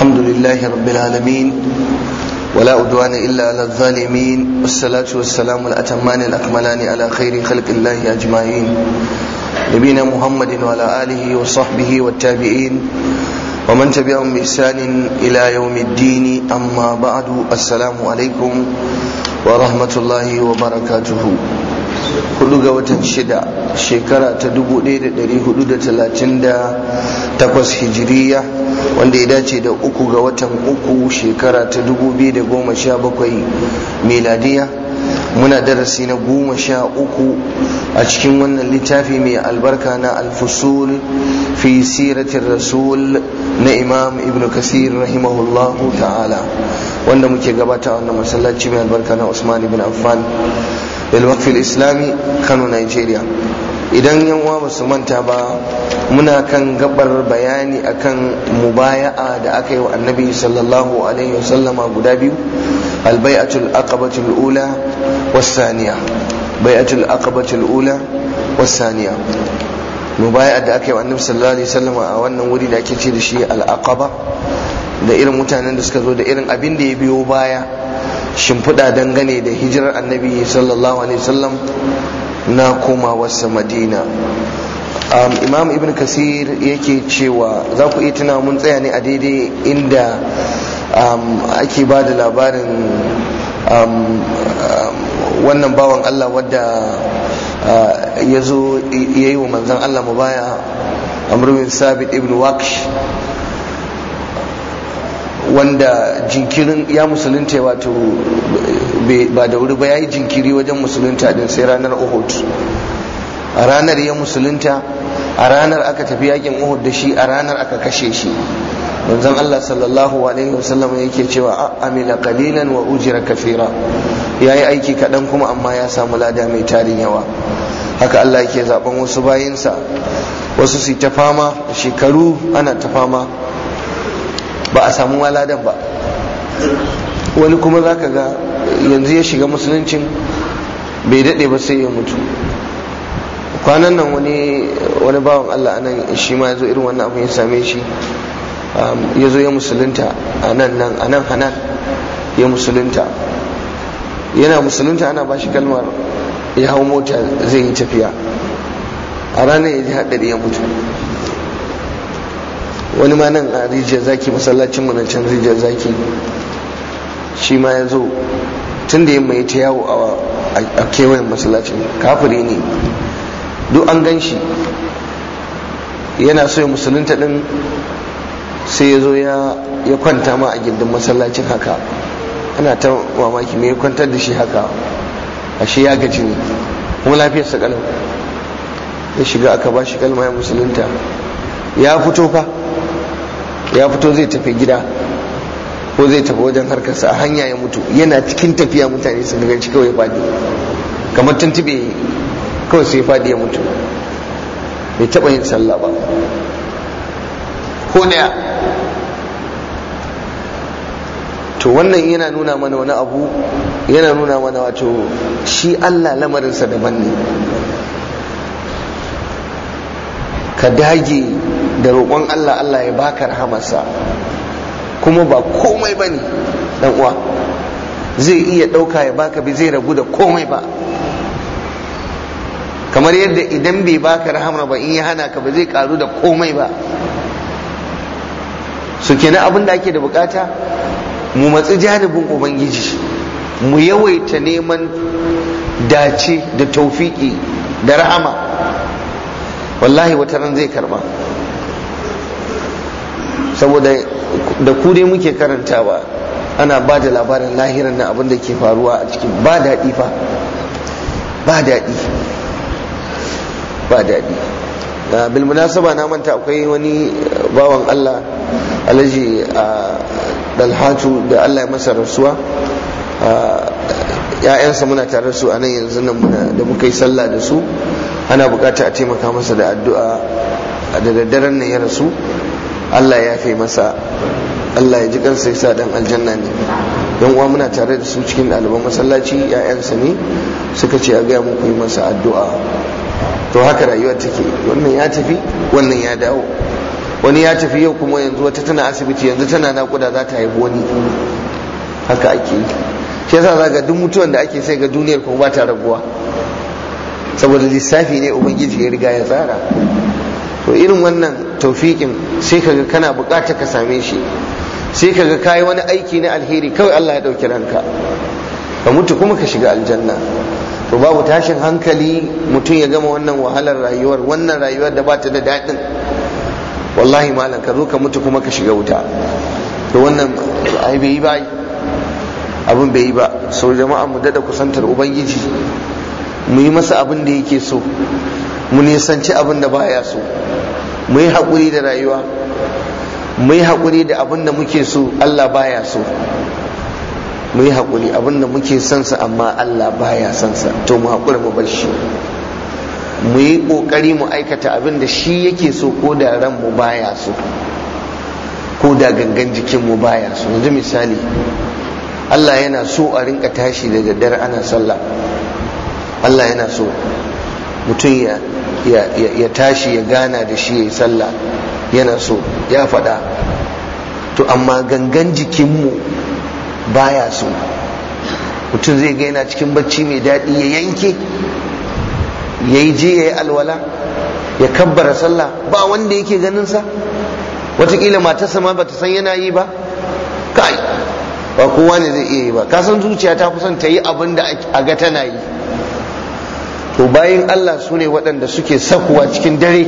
الحمد لله رب العالمين ولا أدوان إلا على الظالمين والصلاة والسلام الأتمان الأكملان على خير خلق الله أجمعين نبينا محمد وعلى آله وصحبه والتابعين ومن تبعهم بإحسان إلى يوم الدين أما بعد السلام عليكم ورحمة الله وبركاته hudu ga watan shida shekara ta 1438 hijiriya wanda ya dace da uku ga watan uku shekara ta 2017 miladiya muna darasi na goma sha uku a cikin wannan littafi mai albarka na alfusul fi siratin rasul na imam ibn kasir rahimahullahu ta'ala wanda muke gabata wannan masallaci mai albarka na usman ibn affan lil waqf islami Kano Nigeria idan yan uwa su manta ba muna kan gabar bayani akan mubaya'a da aka yi wa annabi sallallahu alaihi wasallama guda biyu albai'atul aqabatul ula wasaniya bai'atul aqabatul ula wasaniya mubaya'a da aka yi wa annabi sallallahu alaihi wasallama a wannan wuri da ake ce da shi al-aqaba da irin mutanen da suka zo da irin abin da ya biyo baya shimfiɗa dangane da hijirar annabi sallallahu alaihi wasallam na komawarsa madina imam ibn kasir yake cewa za ku iya tuna mun tsaya ne a daidai inda ake ba da labarin wannan bawan allah wadda uh, ya zo ya yi wa manzan allah mu baya?" amurwin sabit ibn waqsh wanda jinkirin ya musulunta wato ba da wuri ba ya yi jinkiri wajen musulunta din sai ranar uhud a ranar ya musulunta a ranar aka tafi yakin uhud da shi a ranar aka kashe shi manzon Allah sallallahu alaihi wasallam yake cewa Amina qalilan wa ujira kafira yayi aiki kadan kuma amma ya samu lada mai tarin yawa haka Allah yake zaben wasu bayinsa wasu su ta fama shekaru ana ta fama ba a samu waladan ba wani kuma za ka ga yanzu ya shiga musuluncin bai daɗe ba sai ya mutu kwanan nan wani wani bawan Allah anan shi ma yazo irin wannan abin ya same shi ya zo ya musulunta a nan nan ya musulunta yana musulunta ana ba shi kalmar ya hau mota zai yi tafiya a ranar ya ji haɗari ya mutu wani ma nan a rijiyar zaki masallacin mu nan can rijiyar zaki shi ma ya zo tun da ya ta yawo a kewayen masallacin kafiri ne duk an gan shi yana so ya musulunta din sai ya zo ya kwanta ma a gindin masallacin haka ana ta mamaki me kwantar da shi haka a shi ya gaji ne kuma lafiyarsa kalau ya shiga aka ba shi kalma ya musulunta ya fito fa ya fito zai tafi gida ko zai tafi wajen harkarsa a hanya ya mutu yana cikin tafiya mutane su daga kawai ya faɗi kamar tuntube kawai sai faɗi ya mutu bai taɓa yin sallah ba ko ɗaya to wannan yana nuna mana wani abu yana nuna mana wato shi allah lamarinsa daban ne ka dage da roƙon Allah Allah ya baka rahamarsa kuma ba komai ba ne dan uwa zai iya ɗauka ya baka bi zai ragu da komai ba kamar yadda idan bai baka rahama ba in ya hana ka ba zai karu da komai ba su na abin da ake da bukata mu matsi janibin ubangiji mu yawaita neman dace da taufiki da rahama wallahi wata ran zai karba saboda da ku dai muke karantawa ana ba da labarin lahiran na abinda ke faruwa a cikin ba daɗi fa ba daɗi ba daɗi bil saba na manta akwai wani uh, bawan Allah alaji a uh, dalhatu da Allah ya masa rasuwa uh, ya'yansa muna tare su a nan yanzu nan muna da muka yi sallah da su ana bukata a taimaka masa da addu'a da daddaren nan ya rasu Allah ya fi masa Allah ya ji kansa sa dan aljanna ne yan uwa muna tare da su cikin ɗaliban masallaci ƴaƴansa ne suka ce a gaya muku yi masa addu'a to haka rayuwa take wannan ya tafi wannan ya dawo wani ya tafi yau kuma yanzu wata tana asibiti yanzu tana naƙuda za ta haifi wani haka ake yi shi yasa za ga duk mutuwan da ake sai ga duniyar kuma ba ta rabuwa saboda lissafi ne ubangiji ya riga ya tsara to irin wannan taufikin sai kaga kana bukata ka same shi sai kaga kayi wani aiki na alheri kawai Allah ya ɗauki ranka ka mutu kuma ka shiga aljanna to babu tashin hankali mutum ya gama wannan wahalar rayuwar wannan rayuwar da bata da daɗin wallahi malam ka zo ka mutu kuma ka shiga wuta to wannan ai bai yi ba abin bai yi ba sau jama'a mu dada kusantar ubangiji mu yi masa abin da yake so mu nisanci abin da baya so mu yi haƙuri da rayuwa mu yi haƙuri da abin da muke so Allah baya so mu yi haƙuri abin da muke son sa amma Allah baya son sa to mu haƙura mu bar shi mu yi ƙoƙari mu aikata abin da shi yake so ko da ran mu baya so ko da gangan jikin mu baya so yanzu misali Allah yana so a rinka tashi daga daddare ana sallah Allah yana so mutum ya tashi ya gana da shi ya yi sallah yana so ya faɗa to amma gangan jikinmu baya so mutum zai ga yana cikin bacci mai daɗi ya yanke ya yi je ya yi alwala ya kabbara sallah ba wanda yake ganinsa watakila matarsa ma ta san yana yi ba kai ba kowa ne zai iya yi ba kasan zuciya ta kusan ta yi abin da a ga tana yi to bayin Allah su ne waɗanda suke sakuwa cikin dare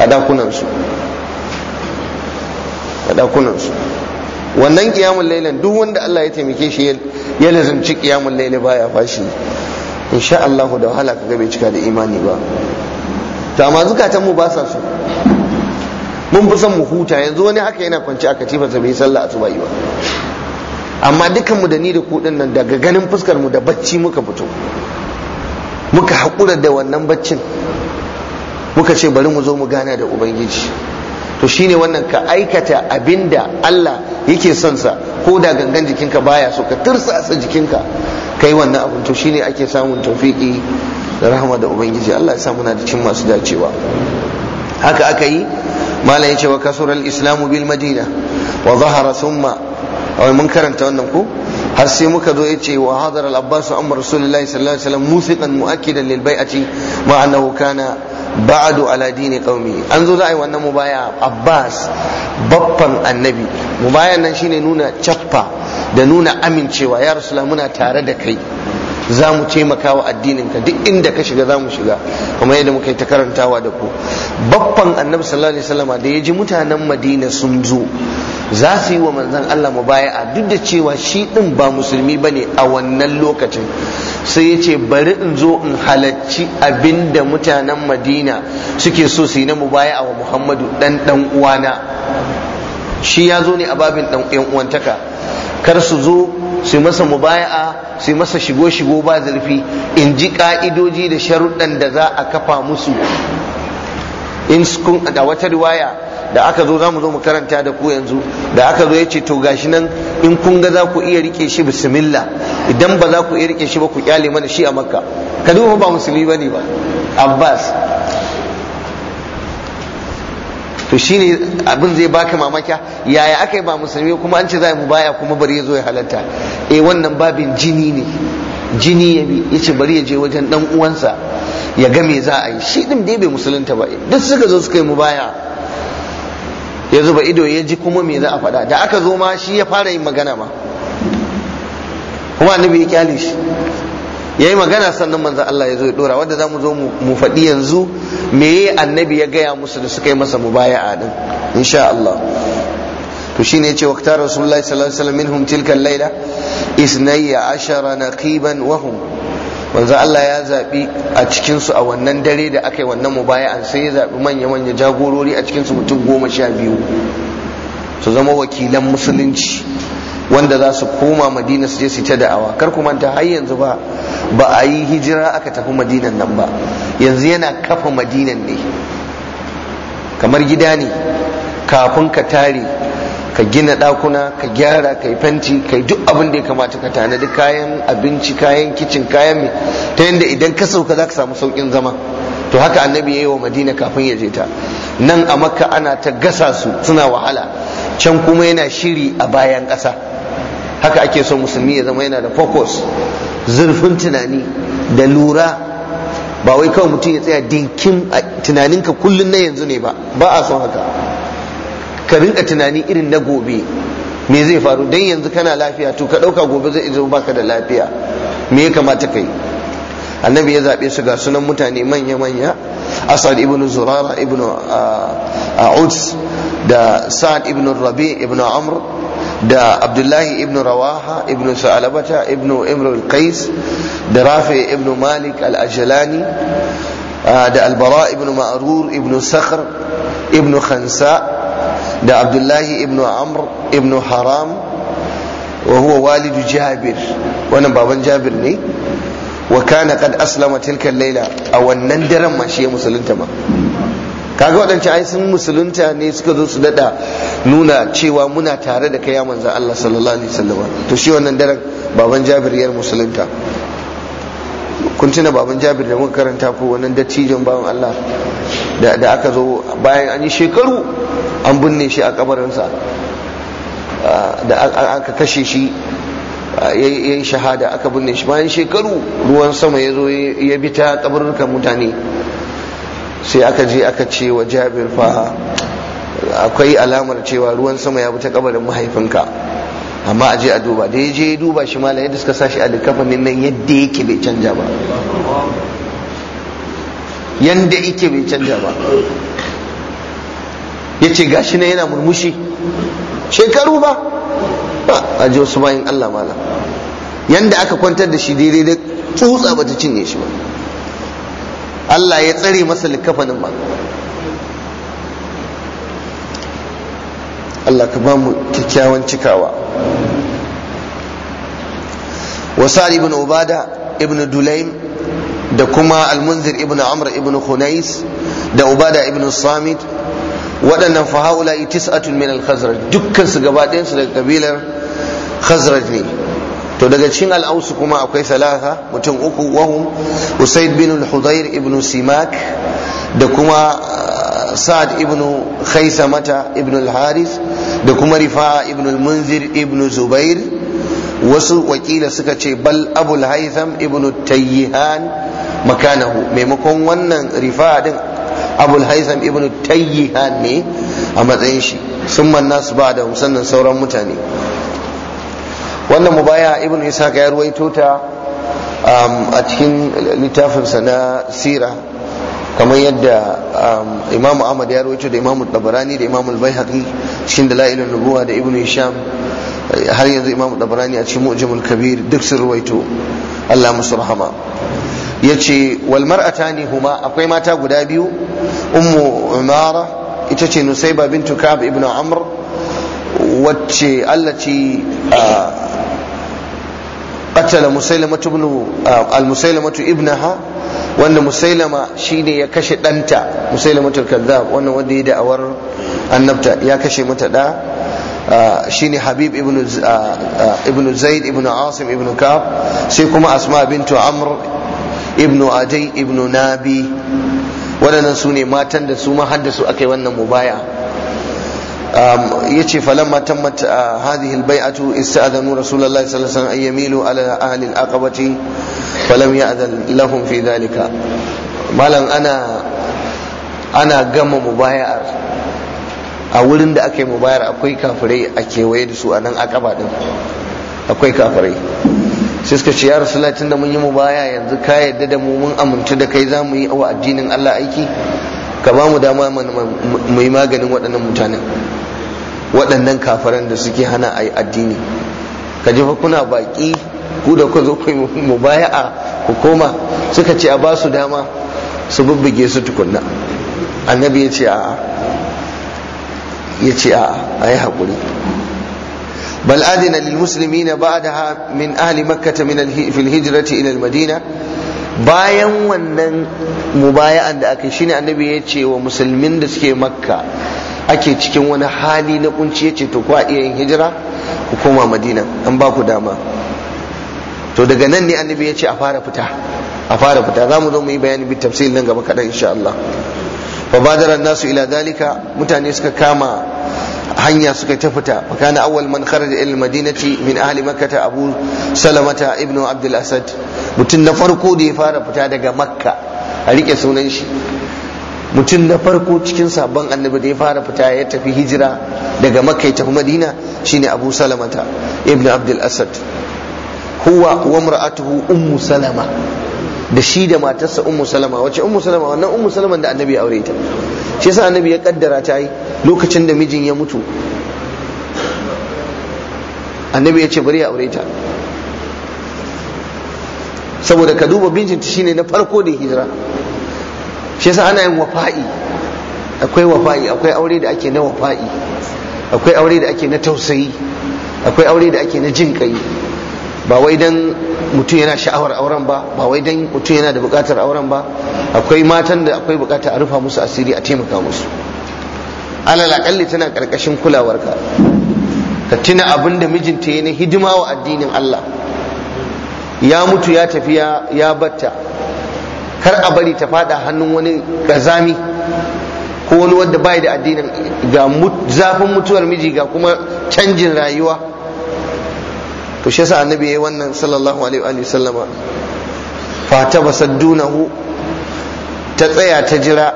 a dakunansu a dakunansu wannan ƙiyamun lailan duk wanda Allah ya taimake shi ya lazimci ƙiyamun laila baya fashi sha Allah da wahala kaga bai cika da imani ba to ma zukatan mu ba sa so mun fi son mu huta yanzu wani haka yana kwanci a katifarsa bai sallah yi ba amma dukanmu da ni da ku nan daga ganin fuskar mu da bacci muka fito muka haƙura da wannan baccin muka ce bari mu zo mu gana da ubangiji to shine wannan ka aikata abinda Allah yake son sa ko da gangan jikinka baya so ka tursa sa jikinka kai wannan abun to shine ake samun tawfiki da rahama da ubangiji Allah ya sa muna da cin masu dacewa haka aka yi malam yace wa kasural islamu bil madina wa zahara thumma mun karanta wannan ko har sai muka zo yace wa hadar al abbas amma rasulullahi sallallahu alaihi wasallam musiqan muakkidan lil bai'ati ma annahu kana ba'du ala dini qaumi an zo za a wannan mubaya abbas babban annabi mubayan nan shine nuna cappa da nuna amincewa ya rasulullah muna tare da kai za mu taimaka wa addininka duk inda ka shiga za mu shiga kuma yadda muka yi ta karantawa da ku babban annabi sallallahu alaihi wasallama da ya ji mutanen madina sun zo za su yi wa Manzan Allah mu mubaya'a duk da cewa shi din ba musulmi ba ne a wannan lokacin sai ya ce bari in zo in halarci abinda mutanen madina suke so su yi na mubaya'a wa muhammadu dan dan uwana shi ya zo ne a babin dan uwantaka kar su zo su masa mubaya'a su masa shigo shigo ba zurfi in ji ka'idoji da sharuɗan da za a kafa musu in kun a wata riwaya da aka zo za mu zo mu karanta da ku yanzu da aka zo ya ce to gashi nan in kun ga za ku iya rike shi bismillah idan ba za ku iya rike shi ba ku kyale mana shi a makka kadu ba musulmi bane ba abbas to shi ne abin zai baka mamaki yaya aka yi ba musulmi kuma an ce za mu baya kuma bari ya zo ya halatta eh wannan babin jini ne jini ya bi ya ce bari ya je wajen dan uwansa ya ga me za a yi shi din dai bai musulunta ba duk suka zo suka yi mu baya ya zuba ido ya ji kuma me za a faɗa da aka zo ma shi ya fara yin magana ma kuma annabi ya kyale shi yayi magana sannan manzon Allah ya zo ya dora wanda mu zo mu faɗi yanzu meye annabi ya gaya musu da suka yi masa a din insha Allah to shine yace waqta rasulullahi sallallahu alaihi wasallam minhum tilka laila isnayya ashara naqiban wa hum manzo Allah ya zabi a cikin su a wannan dare da aka yi wannan mubaya'an sai ya zabi manya manya jagorori a cikin su mutum goma sha biyu su zama wakilan musulunci wanda za su koma madina su je su ta da'awa kar ku manta har yanzu ba ba a yi hijira aka tafi madinan nan ba yanzu yana kafa madinan ne kamar gida ne kafin ka tare ka gina ɗakuna ka gyara ka yi fenti ka yi duk abin da ya kamata ka tanadi kayan abinci kayan kicin kayan mai ta yadda idan ka sauka za ka samu saukin zama to haka annabi ya yi wa madina kafin ya je ta nan a makka ana ta gasa su suna wahala can kuma yana shiri a bayan ƙasa haka ake son musulmi ya zama yana da focus zurfin tunani da lura ba wai kawai mutum ya tsaya dinkin a tunaninka kullum na yanzu ne ba ba a son haka ka rinka tunani irin na gobe me zai faru dan yanzu kana lafiya to ka ɗauka gobe zai zo baka da lafiya me ya kamata ka yi annabi ya zaɓe su ga sunan mutane manya-manya asad ibn zurara ibn uds uh, uh, da sa'ad ibn rabi ibn amr da abdullahi ibn rawaha ibn sa'alabata ibn imr qais da rafi ibn malik al-ajalani uh, da albara ibn ma'rur ibn sakhr ibn khansa da abdullahi ibn amr ibn haram wa huwa walidu jabir wannan baban jabir ne wa kana qad aslama tilka laila a wannan daren ma shi ya musulunta ma kaga waɗancan ai sun musulunta ne suka zo su dada nuna cewa muna tare da kai ya manzo Allah sallallahu alaihi wasallam to shi wannan daren baban Jabir ya musulunta kun tuna baban Jabir da muka karanta ko wannan dattijon baban Allah da aka zo bayan an yi shekaru an binne shi a kabarinsa da aka kashe shi ya yi shahada aka binne shi bayan shekaru ruwan sama ya zo ya bi ta kabarurkan mutane sai aka je aka ce wa jabir fa akwai alamar cewa ruwan sama ya bi ta kabarin mahaifinka amma a je a duba da ya je ya duba shi malam yadda suka sashi a likafanin nan yadda yake bai canja ba yanda yake bai canja ba ya ce gashi na yana murmushi shekaru ba ba a ji wasu bayan Allah mala yanda aka kwantar da shi daidai da tsutsa bata cinye shi ba Allah ya tsare masa likafanin ba Allah ka ba mu kyakkyawan cikawa wasar ibn ubada ibn dulaim da kuma almunzir ibn amr ibn khunais da ubada ibn samit waɗannan fahaula tis'atun min al-khazraj dukkan su gaba ɗayan su daga kabilar khazraj ne to daga cikin al'ausu kuma akwai salaha mutum uku wahum usaid bin al-hudayr ibn simak da kuma uh, sa'ad ibn khaisamata ibn al-haris da kuma rifa'a ibn al-munzir ibn zubair wasu wakila suka ce bal abul haitham ibn tayyihan makanahu maimakon wannan rifa'a din abul haitham ibn tayyihan ne a matsayin shi sun nasu ba da sannan sauran mutane wannan mu baya ibn isa ya ruwaito ta um, a cikin littafinsa na sira kamar yadda um, imamu ahmad ya rawaito da imamu tabarani da imamu albayhaqi cikin dalailun nubuwa da Ibn isham har yanzu imamu tabarani a cikin mu'jamul kabir duk sun rawaito Allah musu rahama yace wal mar'atani huma akwai mata guda biyu ummu umara ita ce nusaiba bintu ka'ab Ibn amr wacce ce. Uh, qatala musailama ibn al musailama ibnaha wanda musailama shine ya kashe danta musailama kazzab wannan wanda ya da'awar annabta ya kashe mata da shine habib ibn ibn zaid ibn asim ibn kab sai kuma asma bintu amr ibn adai ibn nabi waɗannan sune matan da su ma haddasu aka yi wannan mubaya yace falamma tammat hadhihi albay'atu ista'adhanu rasulullahi sallallahu alaihi wasallam an yamilu ala ahli alaqabati falam ya'dhan lahum fi dhalika malam ana ana gama mubaya'ar a wurin da aka yi mubayar akwai kafirai a kewaye da su a nan akaba din akwai kafirai sai suka ce ya rasulullahi tunda mun yi mubaya yanzu ka yadda da mu mun amintu da kai za mu yi wa addinin Allah aiki ka ba mu dama mu yi maganin waɗannan mutanen waɗannan kafaran da suke hana a yi addini ka jefa kuna baƙi ku da ku zo ku mu baya a suka ce a ba su dama su bubbuge su tukunna annabi ya ce a ya ce a a yi haƙuri bal adina lil muslimina ba'daha min ahli makkah min al hijrati ila al madina bayan wannan mubaya'an da aka shine annabi ya ce wa musulmin da suke makka ake cikin wani hali na kunci ya ce to ku a iya yin hijira ku koma madina an ba ku dama to daga nan ne annabi ya ce a fara fita a fara fita za mu zo mu yi bayani bi tafsir nan gaba kaɗan insha Allah fa badara nasu ila dalika mutane suka kama hanya suka ta fita kana awwal man kharaja ila madinati min ahli makkah abu salamata ibnu abdul asad mutum na farko da ya fara fita daga makka a rike sunan shi mutum na farko cikin sabon annabi da ya fara fita ya tafi hijira daga makka ya madina shine abu salamata ibnu abdul asad huwa wa mar'atuhu ummu salama da shi da matarsa ummu salama wace ummu salama wannan ummu salama da annabi ya aure ta shi yasa annabi ya kaddara ta yi lokacin da mijin ya mutu annabi ya ce bari ya aure ta saboda ka duba bincinta shine na farko da hijira shi yasa ana yin wafa'i akwai wafa'i akwai aure da ake na wafa'i akwai aure da ake na tausayi akwai aure da ake na jin kai ba wai dan mutum yana sha'awar auren ba ba wai dan mutum yana da bukatar auren ba akwai matan da akwai bukatar a rufa musu asiri a taimaka musu alal akalli tana karkashin kulawarka ka tuna abin da mijinta ya na hidima wa addinin Allah ya mutu ya tafi ya batta kar a bari ta fada hannun wani ƙazami ko wani wanda bai da addinin ga zafin mutuwar miji ga kuma canjin rayuwa to shi yasa annabi yayi wannan sallallahu alaihi wa sallama fa tabassaddunahu ta tsaya ta jira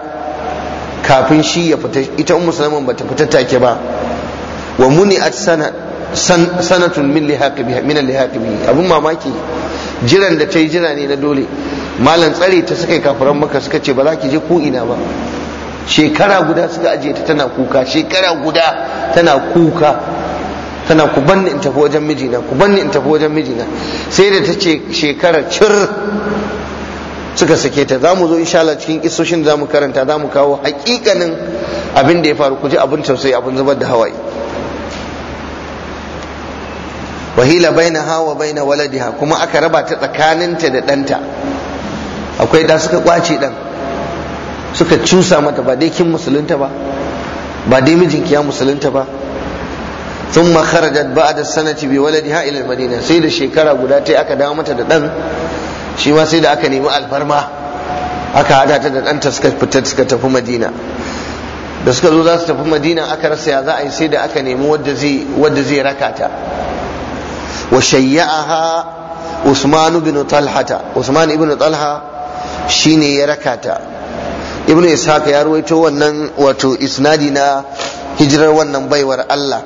kafin shi ya fita ita ummu ba bata fita take ba wa at sana sanatun min lihaqibiha min lihaqibi abun mamaki jiran da ta jira ne na dole malam tsare ta suka kafiran maka suka ce ba za ki je ko ina ba shekara guda suka aje ta tana kuka shekara guda tana kuka tana ku banni in tafi wajen mijina ku banni in tafi wajen mijina sai da ta ce shekara cir suka sake ta zamu zo insha Allah cikin isoshin da zamu karanta zamu kawo hakikanin abin da ya faru ku ji abin tausayi abin zubar da hawaye wahila baina hawa baina waladiha kuma aka raba ta tsakaninta da ɗanta akwai da suka kwace dan suka cusa mata ba dai kin musulunta ba ba dai mijinki ya musulunta ba thumma kharajat ba'da sanati bi waladiha ila al-madina sai da shekara guda tai aka dawo mata da dan shi ma sai da aka nemi alfarma aka hada da ɗanta suka fita suka tafi madina da suka zo za su tafi madina aka rasa za a yi sai da aka nemi wadda zai wadda zai raka ta wa shayya'aha usman ibn talhata usman ibn talha shine ya raka ibn ishaq ya ruwaito wannan wato isnadi na hijirar wannan baiwar Allah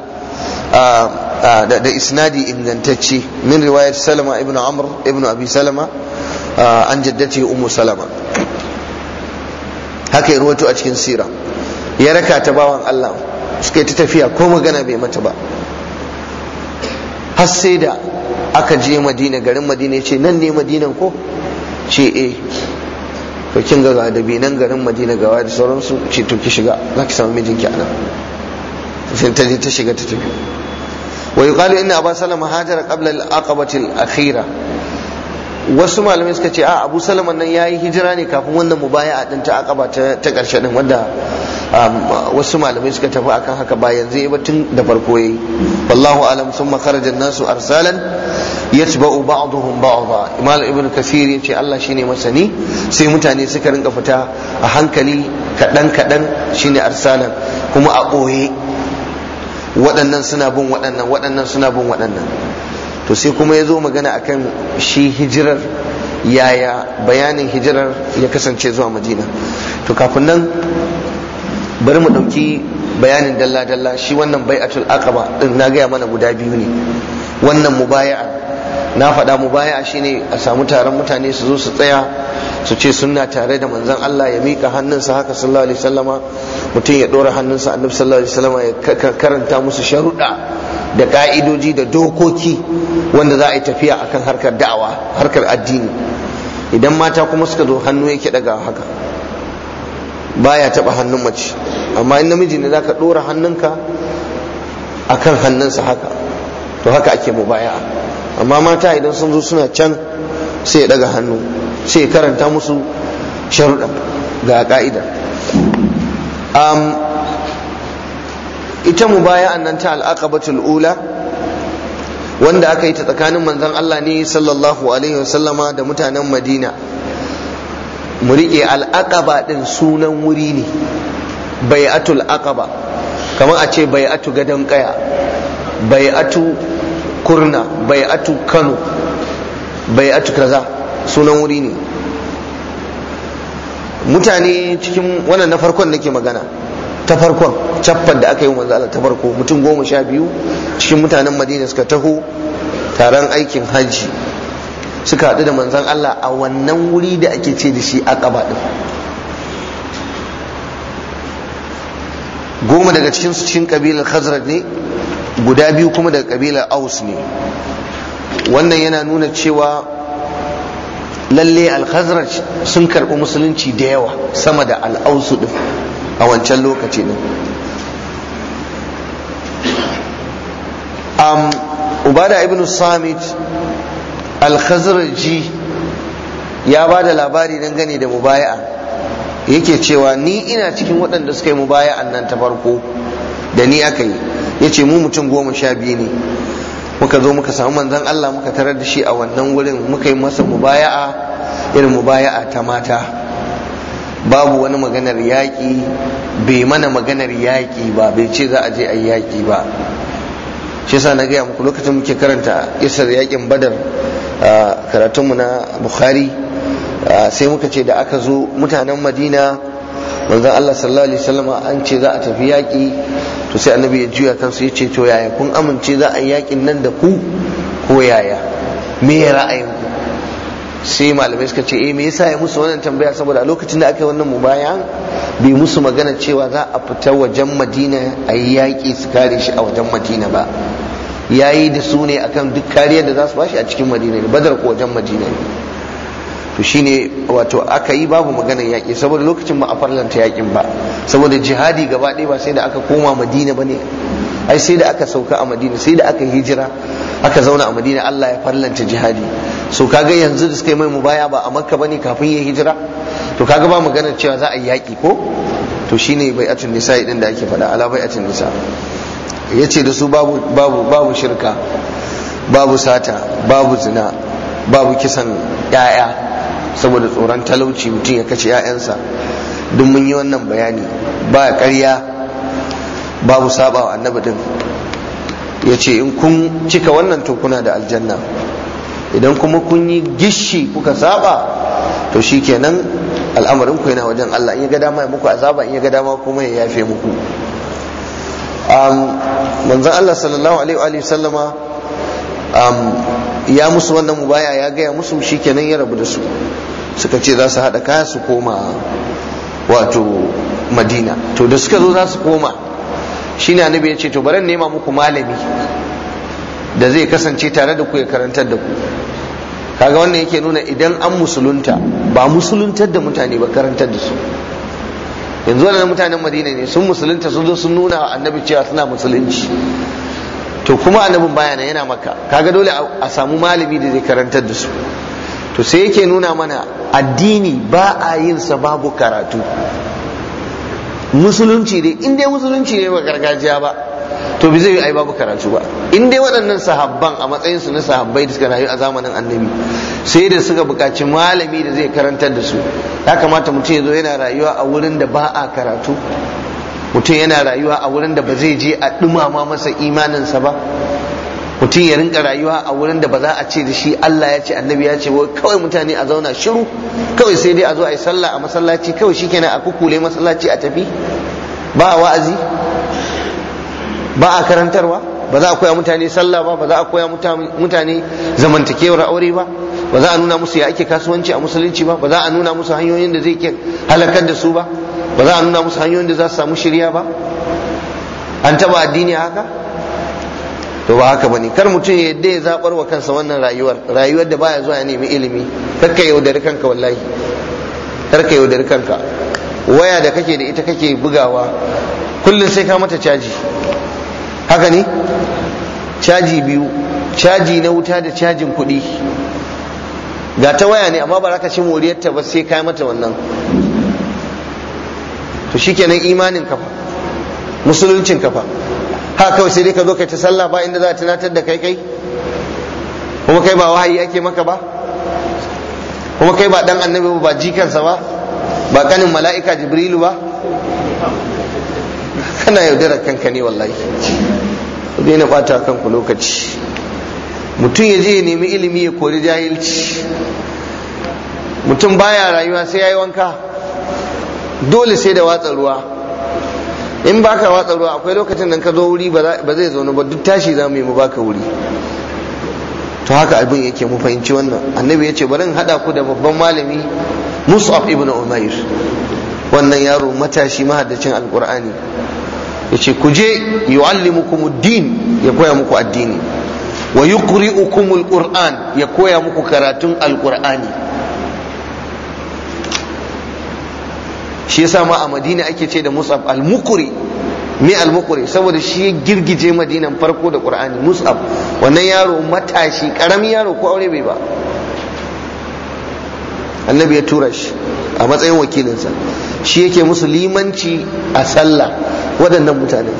da isnadi ingantacce min riwayat salama ibn amr ibn abi salama an jaddace ummu salama haka ya ruwato a cikin sira ya raka ta bawan Allah suka ta tafiya ko magana bai mata ba har sai da aka je madina garin madina ce nan ne madinan ko ce eh to kin ga da nan garin madina gawa da sauransu ce to ki shiga za ki samu mijinki anan sai ta je ta shiga ta tafi ويقال ان ابا سلمة هاجر قبل العقبة الاخيرة wasu malamai suka ce a abu salama nan ya yi hijira ne kafin wannan mubaya'a din ta akaba ta karshe din wanda um, wasu malamai suka tafi akan haka ba yanzu ya tun da farko yayi wallahu alam summa kharaja an-nasu arsalan yatba'u ba'dhum ba'dha imal ibn kasir yace Allah shine masani sai mutane suka rinka fita a hankali kaɗan kaɗan shine arsalan kuma a ƙoye waɗannan suna bin waɗannan waɗannan suna bin waɗannan to sai kuma ya zo magana akan shi hijirar yaya bayanin hijirar ya kasance zuwa madina to kafin nan bari mu ɗauki bayanin dalla-dalla shi wannan bai'atul aqaba ɗin na gaya mana guda biyu ne wannan mubaya'a na faɗa mu baya shine a samu taron mutane su zo su tsaya su ce sunna tare da manzon Allah ya mika hannunsa haka sallallahu alaihi wasallama mutum ya ɗora hannunsa annabi sallallahu alaihi wasallama ya karanta musu sharuɗa da ka'idoji da dokoki wanda za a yi tafiya akan harkar da'awa harkar addini idan mata kuma suka zo hannu yake daga haka baya taba hannun mace amma in namiji ne za ka ɗora hannunka akan hannunsa haka to haka ake mubaya'a amma mata idan sun zo suna can sai ya daga hannu sai ya karanta musu sharuɗa ga ka'ida ita mu baya nan ta al'aqabatul ula wanda aka yi ta tsakanin manzon Allah ne sallallahu alaihi wasallama da mutanen Madina mu riƙe al'aqaba ɗin sunan wuri ne bai'atul aqaba kamar a ce bai'atu gadon kaya bai'atu kurna bai'atu kano bai'atu kaza sunan wuri ne mutane cikin wannan na farkon nake magana ta farkon cappan da aka yi manzo Allah ta farko mutum goma sha biyu cikin mutanen madina suka taho taron aikin hajji suka haɗu da manzon Allah a wannan wuri da ake ce da shi ƙaba ɗin goma daga cikin su cikin kabilar ne guda biyu kuma daga kabilar aus ne wannan yana nuna cewa lalle alkhazraj sun karɓi musulunci da yawa sama da al'ausu ausu a wancan lokaci ne um, ubada ibn samit alkhazraji ya ba da labari dangane da mubaya'a yake cewa ni ina cikin waɗanda suka yi mubaya nan ta farko da ni aka yi ya ce mu mutum goma sha biyu ne muka zo muka samu manzon Allah muka tarar da shi a wannan wurin muka yi masa mubaya'a irin mubaya'a ta mata babu wani maganar yaƙi bai mana maganar yaƙi ba bai ce za a je a yi yaƙi ba shi sa na gaya muku lokacin muke karanta isar yaƙin badar karatunmu na bukhari sai muka ce da aka zo mutanen madina manzan Allah sallallahu alaihi wasallama an ce za a tafi yaki. to sai annabi ya juya kansu ya ce to yaya kun amince za a yakin nan da ku ko yaya me ya ra'ayin ku sai malamai suka ce eh me yasa ya musu wannan tambaya saboda a lokacin da aka yi wannan mubayan bai musu magana cewa za a fita wajen Madina a yi yaƙi su kare shi a wajen Madina ba yayi da su ne akan duk kariyar da za su bashi a cikin Madina ne badar ko wajen Madina ne to shine wato aka yi babu maganar yaƙi saboda lokacin ba a farlanta yaƙin ba saboda jihadi gaba ɗaya ba sai da aka koma madina ba ne ai sai da aka sauka a madina sai da aka hijira aka zauna a madina allah ya farlanta jihadi so kaga yanzu da suka yi mai mubaya ba a makka bane kafin ya hijira to kaga ba maganar cewa za a yi yaƙi ko to shine bai'atun nisa idan da ake faɗa ala bai'atun nisa yace da su babu babu babu shirka babu sata babu zina babu kisan 'ya'ya saboda tsoron talauci mutum ya kace 'ya'yansa duk mun yi wannan bayani ba ƙarya babu saba wa annabi din ya ce in kun cika wannan to da aljanna idan kuma kun yi gishi kuka saba to shikenan al'amarin ku yana wajen Allah in ya ga dama ya muku azaba in ya ga dama kuma ya yafe muku manzon Allah sallallahu alaihi wa ya musu wannan mubaya ya gaya musu shikenan ya rabu da su suka ce za su haɗa kaya su koma wato madina to da suka zo za su koma ne annabi ya ce to baran nema muku malami da zai kasance tare da ku ya karantar da ku kaga wannan yake nuna idan an musulunta ba musuluntar da mutane ba karantar da su yanzu wannan mutanen madina ne sun musulunta sun zo sun nuna annabi cewa suna musulunci to kuma annabin baya nan yana maka kaga dole a samu malami da zai karantar da su to sai yake nuna mana addini ba a yin sa babu karatu musulunci dai in dai musulunci ne ba gargajiya ba to bi zai yi ai babu karatu ba in dai waɗannan sahabban a matsayin su na sahabbai da suka rayu a zamanin annabi sai da suka buƙaci malami da zai karantar da su ya kamata mutum ya zo yana rayuwa a wurin da ba a karatu mutum yana rayuwa a wurin da ba zai je a dumama masa imaninsa ba mutum ya rinka rayuwa a wurin da ba za a ce da shi Allah ya ce annabi ya ce kawai mutane a zauna shiru kawai sai dai a zo a yi sallah a masallaci kawai shi kenan a kukule masallaci a tafi ba a wa'azi ba a karantarwa ba za a koya mutane sallah ba ba za a koya mutane zamantakewar aure ba ba za a nuna musu ya ake kasuwanci a musulunci ba ba za a nuna musu hanyoyin da zai ke halakar da su ba ba za a nuna musu hanyoyin da za su samu shirya ba an taba addini haka to ba haka bane kar mutum ya yadda ya zabar wa kansa wannan rayuwar rayuwar da baya zuwa ya nemi ilimi kar ka yaudari kanka wallahi kar ka yaudari kanka waya da kake da ita kake bugawa kullum sai ka mata caji haka ne caji biyu caji na wuta da cajin kuɗi ga ta waya ne amma ba za ka ci moriyarta ba sai kai mata wannan to shi kenan imanin kafa musuluncin kafa haka kawai sai dai ka zo kai ta sallah ba inda za a tunatar da kai kai kuma kai ba wahayi ake maka ba kuma kai ba dan annabi ba jikansa ba ba kanin mala'ika jibrilu ba kana yaudarar kanka ne wallahi ku daina bata kanku lokaci mutum ya je ya nemi ilimi ya kori jahilci mutum baya rayuwa sai ya yi wanka dole sai da watsa ruwa in baka watsa ruwa akwai lokacin da ka zo wuri ba zai zaune ba duk tashi za mu yi mu baka wuri to haka abin yake mu fahimci wannan annabi ya ce bari in haɗa ku da babban malami mus'ab ibn umair wannan yaro matashi mahaddacin alkur'ani ya ce ku je yu'allimukum din ya koya muku addini wa ukumul qur'an ya koya muku karatun al-qur'ani? shi yasa ma a madina ake ce da musab al-mukuri me al-mukuri saboda shi girgije madinan farko da qur'ani musab wannan yaro matashi karamin yaro ko aure bai ba annabi ya tura shi a matsayin wakilinsa shi yake musu limanci a sallah waɗannan mutane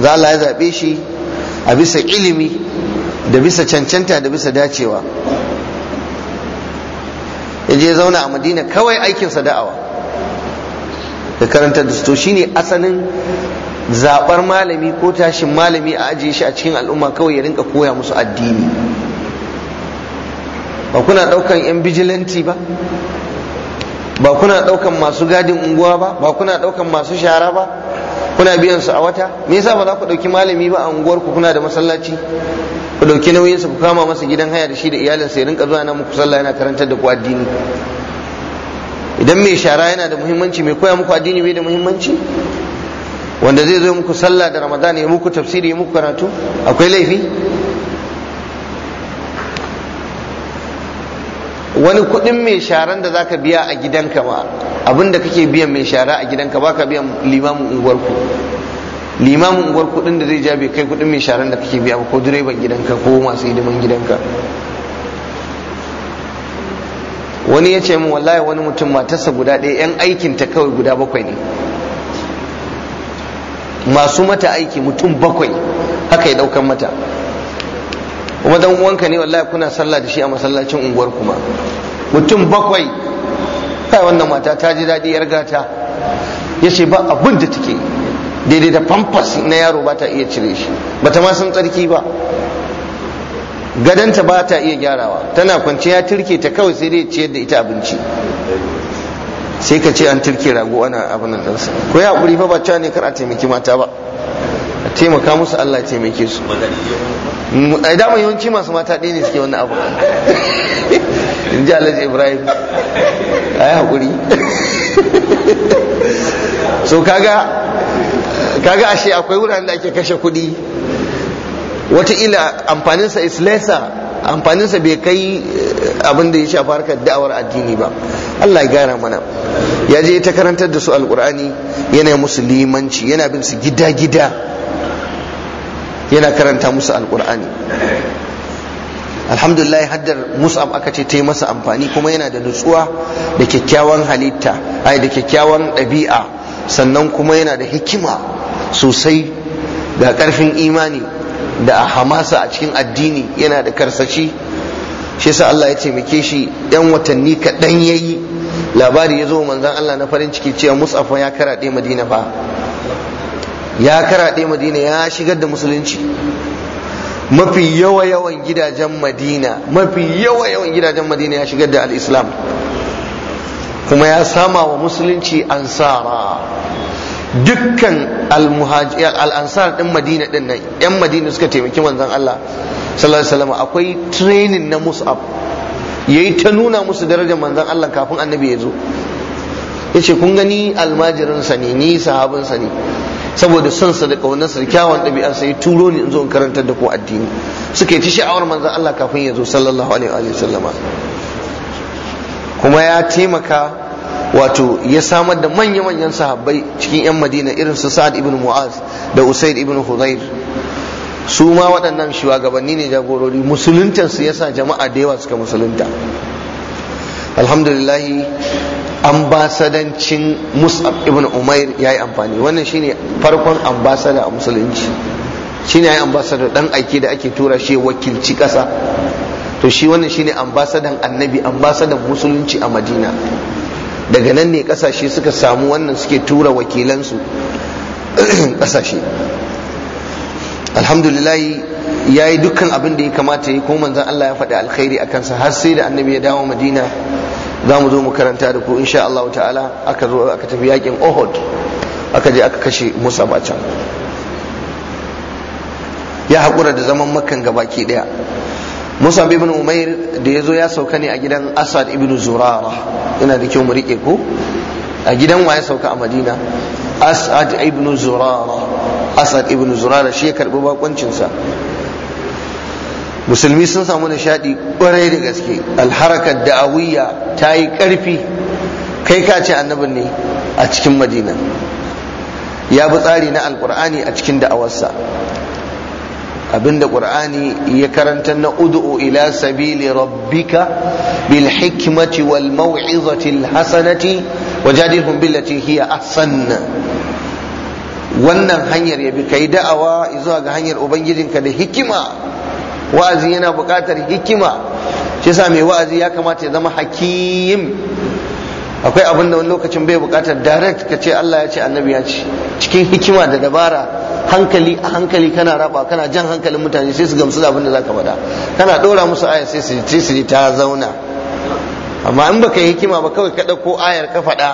za Allah ya zaɓe shi a bisa ilimi da bisa cancanta da bisa dacewa ya je zauna a madina kawai aikinsa da'awa da karanta da shi shine asalin zaɓar malami ko tashin malami a ajiye shi a cikin al'umma kawai ya rinka koya musu addini ba kuna ɗaukan yan bijilanti ba ba kuna ɗaukan masu gadin unguwa ba ba kuna ɗaukan masu shara ba kuna biyan su a wata me yasa ba za ku dauki malami ba a unguwar ku kuna da masallaci ku dauki nauyin su ku kama masa gidan haya da shi da iyalin sa ya rinka zuwa nan muku sallah yana karantar da ku addini idan mai shara yana da muhimmanci mai koya muku addini bai da muhimmanci wanda zai zo muku sallah da ramadan ya muku tafsiri ya muku karatu akwai laifi wani kuɗin mai sharan da zaka biya a gidanka ba abinda kake biyan mai shara a gidanka baka biyan limamin unguwarku limamin unguwar kuɗin da zai ja bai kai kuɗin mai sharan da kake biya ba ko direban gidanka ko masu hidiman gidanka wani ya ce min wallahi wani mutum matarsa guda ɗaya yan aikin ta kawai guda bakwai ne masu mata aiki mutum bakwai haka ya ɗaukan mata kuma dan uwanka ne wallahi kuna sallah da shi a masallacin unguwar kuma mutum bakwai kai wannan mata ta ji daɗi yar gata ya ce ba abin da take daidai da pampas na yaro ba ta iya cire shi ba ta ma san tsarki ba gadanta ba ta iya gyarawa tana kwance ya turke ta kawai sai dai ciyar da ita abinci sai ka ce an turke rago ana abin nan ɗansa ko ya haƙuri fa ba cewa ne kar a taimaki mata ba taimaka musu Allah ya taimake su a dama yawanci masu mata ɗaya ne suke wani abu in ji alhaji ibrahim a yi haƙuri so kaga kaga ashe akwai wuraren da ake kashe kuɗi wataƙila amfaninsa is lesser amfaninsa bai kai eh, abin da ya shafa harkar da'awar addini ba Allah ya gara mana ya je ta karantar da su alƙur'ani yana musulmanci yana bin su gida-gida yana karanta musu alkur'ani alhamdulillah haddar mus'ab aka ce ta yi masa amfani kuma yana da nutsuwa da kyakkyawan halitta ai da kyakkyawan ɗabi'a sannan kuma yana da hikima sosai ga ƙarfin imani da a hamasa a cikin addini yana da karsashi shi yasa Allah ya taimake shi yan watanni kaɗan yayi labari ya zo manzon Allah na farin ciki cewa mus'ab ya karaɗe madina fa ya karaɗe madina ya shigar da musulunci mafi yawa yawan gidajen madina mafi yawa yawan gidajen madina ya shigar da al'islam kuma ya sama wa musulunci ansara dukkan al'ansar ɗin madina ɗin nan 'yan madina suka taimaki manzon Allah sallallahu alaihi wasallam akwai training na mus'ab yayi ta nuna musu darajar manzon Allah kafin annabi ya zo yace kun gani almajirin sa ne ni sahabin sa saboda son sa da kaunar sa kyawun ɗabi'ar sa turo ni in zo in da ku addini suka yi sha'awar manzon Allah kafin ya zo sallallahu alaihi wa sallama kuma ya taimaka wato ya samar da manya-manyan sahabbai cikin 'yan madina irin su sa'ad ibn mu'az da usaid ibn hudayr su ma waɗannan shugabanni ne jagorori musuluntansu ya sa jama'a da yawa suka musulunta alhamdulillahi ambasadancin mus'ab ibn umair ya yi amfani wannan shine farkon ambasada a musulunci shine ya yi ambasada dan aiki da ake tura shi wakilci ƙasa to shi wannan shine ambasadan annabi ambasadan musulunci a madina daga nan ne ƙasashe suka samu wannan suke tura wakilansu ƙasashe alhamdulillahi ya yi dukkan abin da ya kamata ya ko manzan Allah ya faɗi alkhairi a kansa har sai da annabi ya dawo madina za mu zo mu karanta da ku in sha Allah ta'ala aka zo aka tafi yakin Uhud aka je aka kashe Musa bacan can ya haƙura da zaman makan gabaki daya Musa ibn Umair da ya zo ya sauka ne a gidan Asad ibn Zurara ina da kyau mu rike ku a gidan wa ya sauka a Madina Asad ibn Zurara Asad ibn Zurara shi ya karɓi bakuncin musulmi sun samu nishadi kwarai da gaske alharakar da'awiyya ta yi karfi. kai ka ce annabin ne a cikin madina ya bi tsari na alkur'ani a cikin da'awarsa abinda qur'ani ya karanta na ud'u ila sabili rabbika bil hikmati wal mau'izati al hasanati wajadilhum billati hiya ahsan wannan hanyar ya bi kai da'awa zuwa ga hanyar ubangijinka da hikima wa'azi yana buƙatar hikima shi yasa mai wa'azi ya kamata ya zama hakim akwai abin da wani lokacin bai buƙatar direct ka ce Allah ya ce annabi ya ce cikin hikima da dabara hankali a hankali kana raba kana jan hankalin mutane sai su gamsu da abin da za ka faɗa kana ɗora musu ayar sai su ce su ta zauna amma in baka yi hikima ba kawai ka ko ayar ka faɗa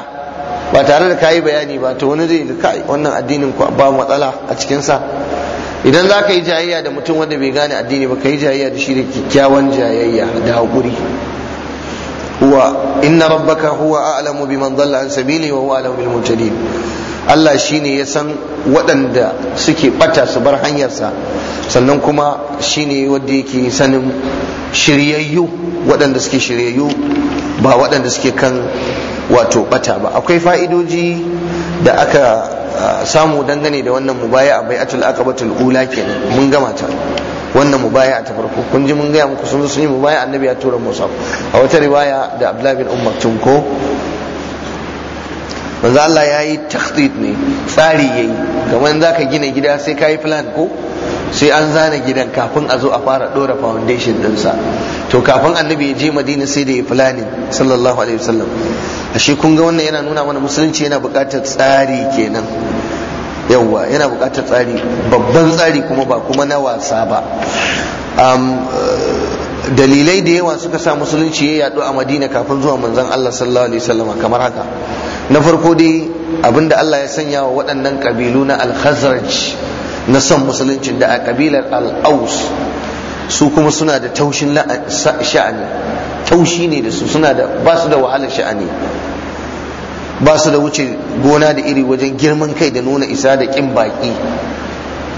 ba tare da yi bayani ba to wani zai kai wannan addinin ku ba matsala a cikinsa idan za ka yi jayayya da mutum wanda bai gane addini ba ka yi jayayya da shi da kyakkyawan jayayya da haƙuri huwa inna rabbaka huwa a'lamu biman dhalla an sabili wa huwa a'lamu bil Allah shine ya san waɗanda suke bata su bar hanyarsa sannan kuma shine wanda yake sanin shiryayyu waɗanda suke shiryayyu ba waɗanda suke kan wato bata ba akwai fa'idoji da aka samu dangane da wannan mubaya a bai'atul akabatul ula kenan mun gama ta wannan mubaya ta farko kun ji mun gaya muku sun zo sun yi mubaya annabi ya tura musa a wata riwaya da abdullahi bin umar ko manzo Allah yayi takhdid ne tsari yayi kamar za ka gina gida sai ka yi plan ko sai an zana gidan kafin a zo a fara dora foundation dinsa to kafin annabi ya je madina sai da ya planning sallallahu alaihi wasallam ashe kun ga wannan yana nuna mana musulunci yana buƙatar tsari kenan yawwa yana buƙatar tsari babban tsari kuma ba kuma na wasa ba eh, dalilai da yawa suka sa musulunci ya yaɗu a madina kafin zuwa manzon Allah sallallahu alaihi wasallam kamar haka na farko dai abinda Allah ya sanya wa waɗannan ƙabilu na al-khazraj na son musuluncin da a ƙabilar al-aus su kuma suna da taushin sha'ani taushi ne da su suna da ba su da wahalar sha'ani ba su da wuce gona da iri wajen girman kai da nuna isa da ƙin baƙi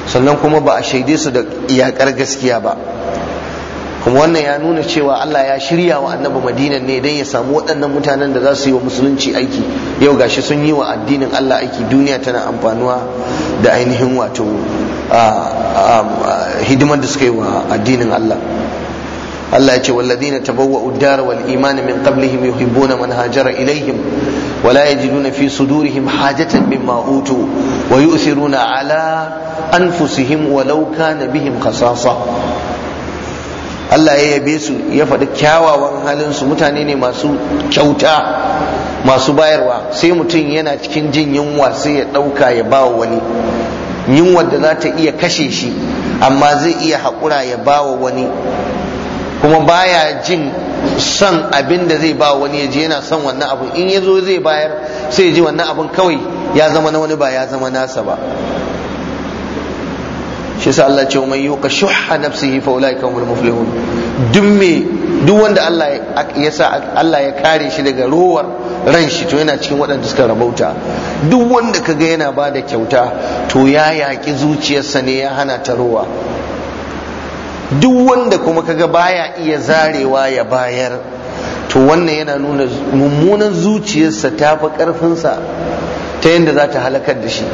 sannan kuma ba a shaide su da iyakar gaskiya ba kuma wannan ya nuna cewa Allah ya shirya wa annabi Madina ne don ya samu waɗannan mutanen da za su yi wa musulunci aiki yau gashi sun yi wa addinin Allah aiki duniya tana amfanuwa da ainihin wato hidimar da suka yi wa addinin Allah Allah ya ce walladina tabawwa'u dar wal iman min qablihim yuhibbuna man hajara ilaihim ولا يجدون في صدورهم حاجة مما أوتوا ويؤثرون على أنفسهم ولو كان بهم خصاصة Allah ya yabe su ya faɗi kyawawan halin su mutane ne masu kyauta masu bayarwa sai mutum yana cikin jin yunwa sai ya ɗauka ya ba wani yunwa da za ta iya kashe shi amma zai iya haƙura ya ba wani kuma baya jin son abin da zai ba wani ya yana son wannan abu in ya zai bayar sai ya ji wannan abin kawai ya zama na wani ba ya zama nasa ba shi yasa Allah ce mai yuka shuhha nafsihi fa ka humul muflihun duk duk wanda Allah ya sa Allah ya kare shi daga ruwar ran shi to yana cikin waɗanda suka rabauta duk wanda kaga yana ba da kyauta to ya yaƙi zuciyarsa ne ya hana ta ruwa duk wanda kuma kaga baya iya zarewa ya bayar to wannan yana nuna mummunan zuciyarsa ta fi ƙarfinsa ta yadda za ta halakar da shi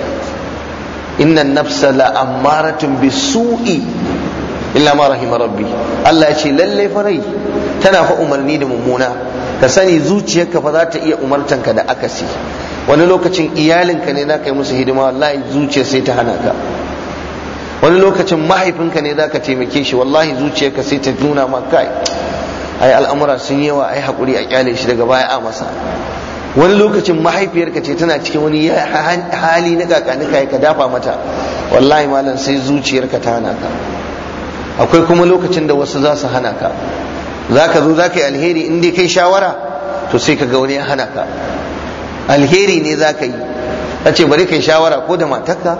innan nafsa la ammaratun bisu'i illa ma rahima rabbi Allah ya ce lalle farai tana fa umarni da mummuna ka sani zuciyarka fa za ta iya umartanka da akasi wani lokacin iyalinka ne za ka yi musu hidima wallahi zuciya sai ta hana ka wani lokacin mahaifinka ne za ka taimake shi wallahi zuciyarka sai ta nuna ma kai ai al'amura sun yawa ai hakuri a kyale shi daga baya a masa wani lokacin mahaifiyarka ce tana cikin wani hali na kakanika ka dafa mata wallahi malam sai zuciyarka ta hana ka akwai kuma lokacin da wasu za su hana ka za ka zo za ka yi alheri in dai kai shawara to sai ka ga wani ya hana ka alheri ne za ka yi a ce bari kai shawara ko da matarka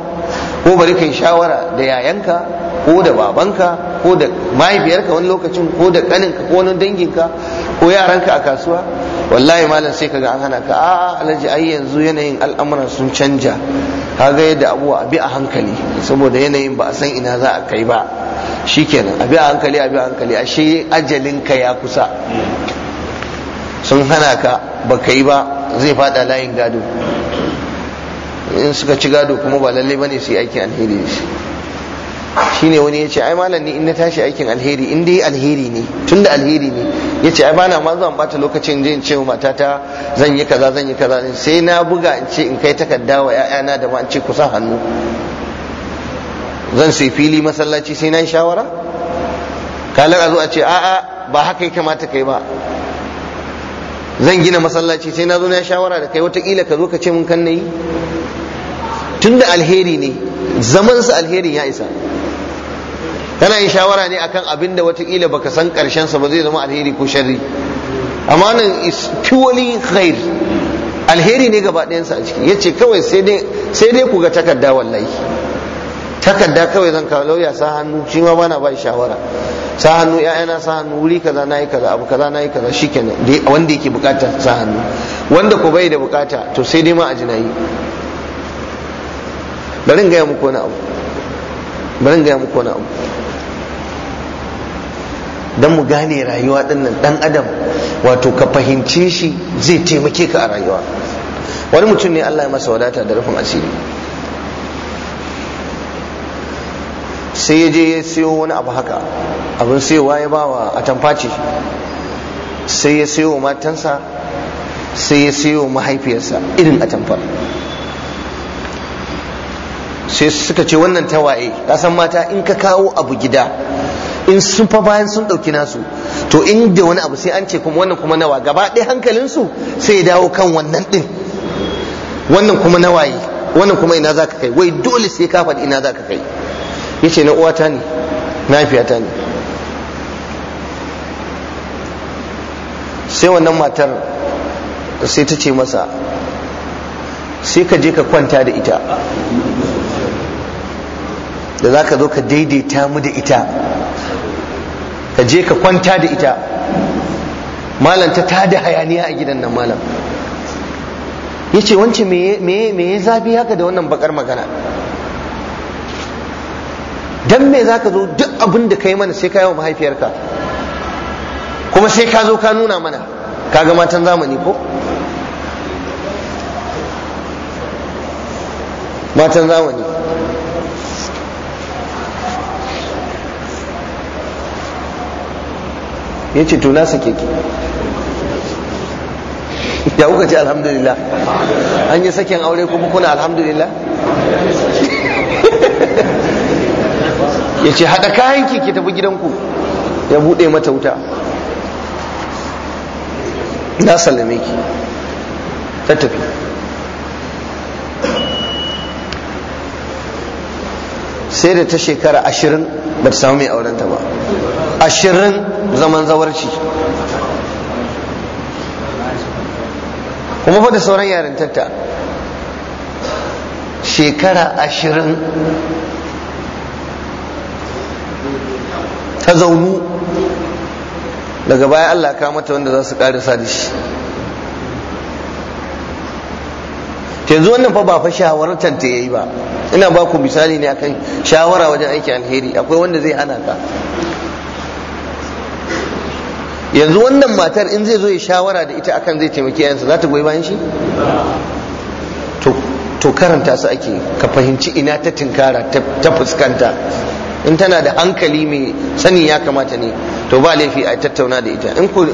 ko bari kai shawara da yayanka ko da babanka ko da mahaifiyarka wani lokacin ko da kaninka ko wani danginka ko yaranka a kasuwa wallahi malam sai kaga an hana ka a alhaji ai yanzu yanayin al'amuran sun canja kaga yadda abuwa abi a hankali saboda yanayin ba a san ina za a kai ba shikenan abi a hankali abi a hankali ashe ajalin ka ya kusa sun hana ka ba ka yi ba zai fada layin gado in suka ci gado kuma ba lalle bane su yi aikin alheri shi shine wani ya ce ai malam ni in na tashi aikin alheri in dai alheri ne tunda alheri ne ya ce ai bana ma zan bata lokacin jin cewa ce wa matata zan yi kaza zan yi kaza sai na buga in ce in kai takarda wa ƴaƴana da ma in ce kusa hannu zan sai fili masallaci sai na yi shawara kalar a zo a ce a'a ba haka ya kamata kai ba zan gina masallaci sai na zo na shawara da kai watakila ka zo ka ce mun kan nayi tunda alheri ne zaman su alherin ya isa kana yin shawara ne akan abin da watakila baka san karshen sa ba zai zama alheri ko sharri amma nan is purely khair alheri ne gaba sa a ciki yace kawai sai dai sai dai ku ga takarda wallahi takarda kawai zan kawo lauya sa hannu shi ma bana ba shawara sa hannu ƴaƴana sa hannu wuri kaza nayi kaza abu kaza nayi kaza shikenan dai wanda yake bukata sa hannu wanda ku bai da bukata to sai dai ma a jinayi bari in gaya muku wani abu bari in gaya muku wani abu don mu gane rayuwa dinnan dan adam wato ka fahimce shi zai taimake ka a rayuwa wani mutum ne Allah ya masa wadata da rufin asiri sai ya je ya siyo wani abu haka abin siyowa ya bawa a tamfaci sai ya siyo matansa sai ya siyo mahaifiyarsa irin a tamfar sai suka ce wannan tawaye kasan mata in ka kawo abu gida in sun fa bayan sun ɗauki nasu to in da wani abu sai an ce kuma wannan kuma nawa gaba ɗaya hankalinsu sai ya dawo kan wannan ɗin wannan kuma yi wannan kuma ina za ka kai wai dole sai ka faɗi ina za ka kai ya ce na uwata ne mahaifiyata ne sai wannan matar sai ta ce masa sai ka je ka kwanta da ita da za ka zo ka daidaita mu da ita ka je ka kwanta da ita malam ta tada hayaniya a gidan nan malam ya ce wance me ya zafi haka da wannan bakar magana Don me za ka zo duk abin da ka yi mana sai ka yi wa mahaifiyarka kuma sai ka zo ka nuna mana ka ga matan zamani ko matan zamani ya ce to na sake ki ya kuka ce alhamdulillah an yi sakin aure kuma kuna alhamdulillah ya ce haɗa kayan ki tafi gidanku ya buɗe mata wuta na sallame ki ta tafi sai da ta shekara ashirin ba ta samu mai aurenta ba ashirin zaman zawarci kuma fada da sauran tatta, shekara ashirin ta zaunu daga baya Allah ka mata wanda za su karisa da shi yanzu wannan fa ba fa ta yayi ba ina ba ku misali ne akan shawara wajen aiki alheri akwai wanda zai hana ka yanzu wannan matar in zai zo ya shawara da ita akan zai taimaki yayansa za ta goyi bayan shi to karanta su ake ka fahimci ina ta tinkara ta fuskanta in tana da hankali mai sani ya kamata ne to ba laifi a tattauna da ita in ku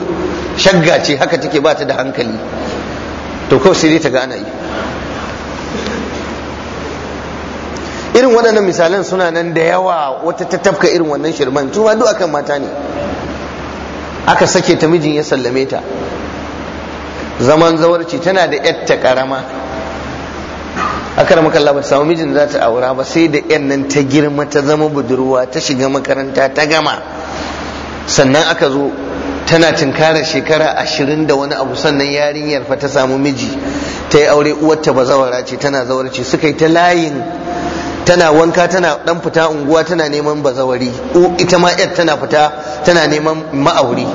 shagga ce haka take ba ta da hankali to kawai sai dai ta ga yi irin waɗannan misalan suna nan da yawa wata ta tafka irin wannan shirman su duk akan mata ne aka sake ta mijin ya sallame ta zaman zawarci tana da yatta karama aka rama kalla ba samu mijin za ta aura ba sai da yan nan ta girma ta zama budurwa ta shiga makaranta ta gama sannan aka zo tana tunkara shekara ashirin da wani abu sannan yarinyar fa ta samu miji ta yi aure uwarta ba zawara ce tana zawarci suka yi ta layin tana wanka tana dan fita unguwa tana neman bazawari ita ma yar tana fita tana neman ma'auri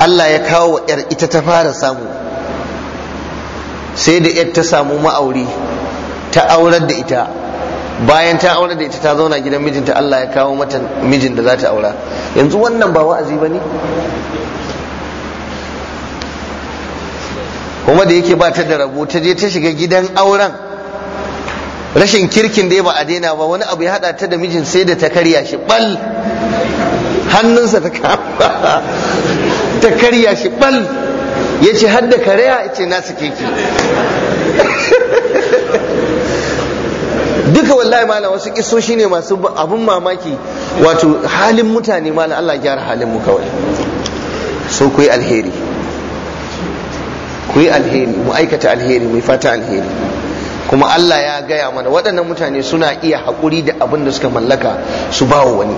Allah ya kawo wa yar ita ta fara samu sai da yar ta samu ma'auri ta aurar da ita bayan ta aurar da ita ta zauna gidan mijinta Allah ya kawo mata mijin da za ta aura yanzu wannan ba wa'azi ba ne kuma da yake ba ta da rabo ta je ta shiga gidan auren rashin kirkin dai ba a daina ba wani abu ya hada ta da mijin sai da ta karya shi bal hannunsa ta kama ta karya shi bal ya ce da karya ya ce nasu keke duka wallahi malam wasu shi ne masu abun mamaki wato halin mutane malam Allah gyara halin mu kawai so kuyi alheri Kuyi alheri mu aikata alheri mu fata alheri kuma Allah ya gaya mana waɗannan mutane suna iya haƙuri da abin da suka mallaka su ba wani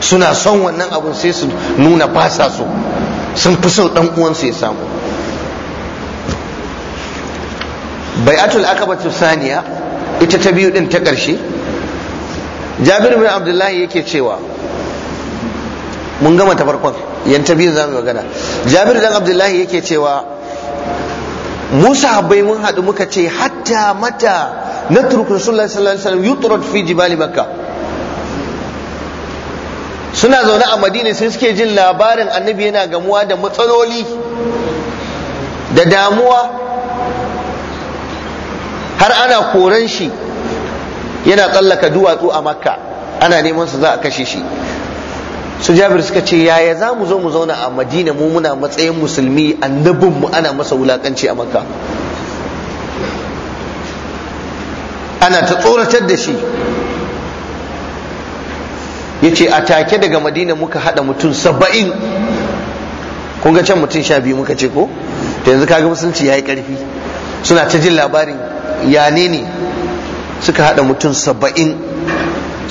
suna son wannan abin sai su nuna ba sa so sun fi son ɗan uwansu ya samu bai'atul akabatu saniya ita ta biyu ɗin ta ƙarshe jabir bin abdullahi yake cewa mun gama ta farkon yan ta biyu za mu magana jabir dan abdullahi yake cewa musa bai mun haɗu muka ce hatta mata na turku rasulullah sallallahu alaihi wasallam yutrad fi jibali makka suna zaune a madina sai suke jin labarin annabi yana gamuwa da matsaloli da damuwa har ana koran shi yana tsallaka duwatsu a makka ana neman su za a kashe shi su jabir suka ce yaya za mu zo mu zauna a madina mu muna matsayin musulmi annabin mu ana masa wulakanci a makka ana ta tsoratar da shi ya ce a take daga madina muka haɗa mutum saba'in kun ga can mutum sha biyu muka ce ko Ta yanzu kaga musulunci ya yi ƙarfi suna ta jin labarin ya ne suka haɗa mutum saba'in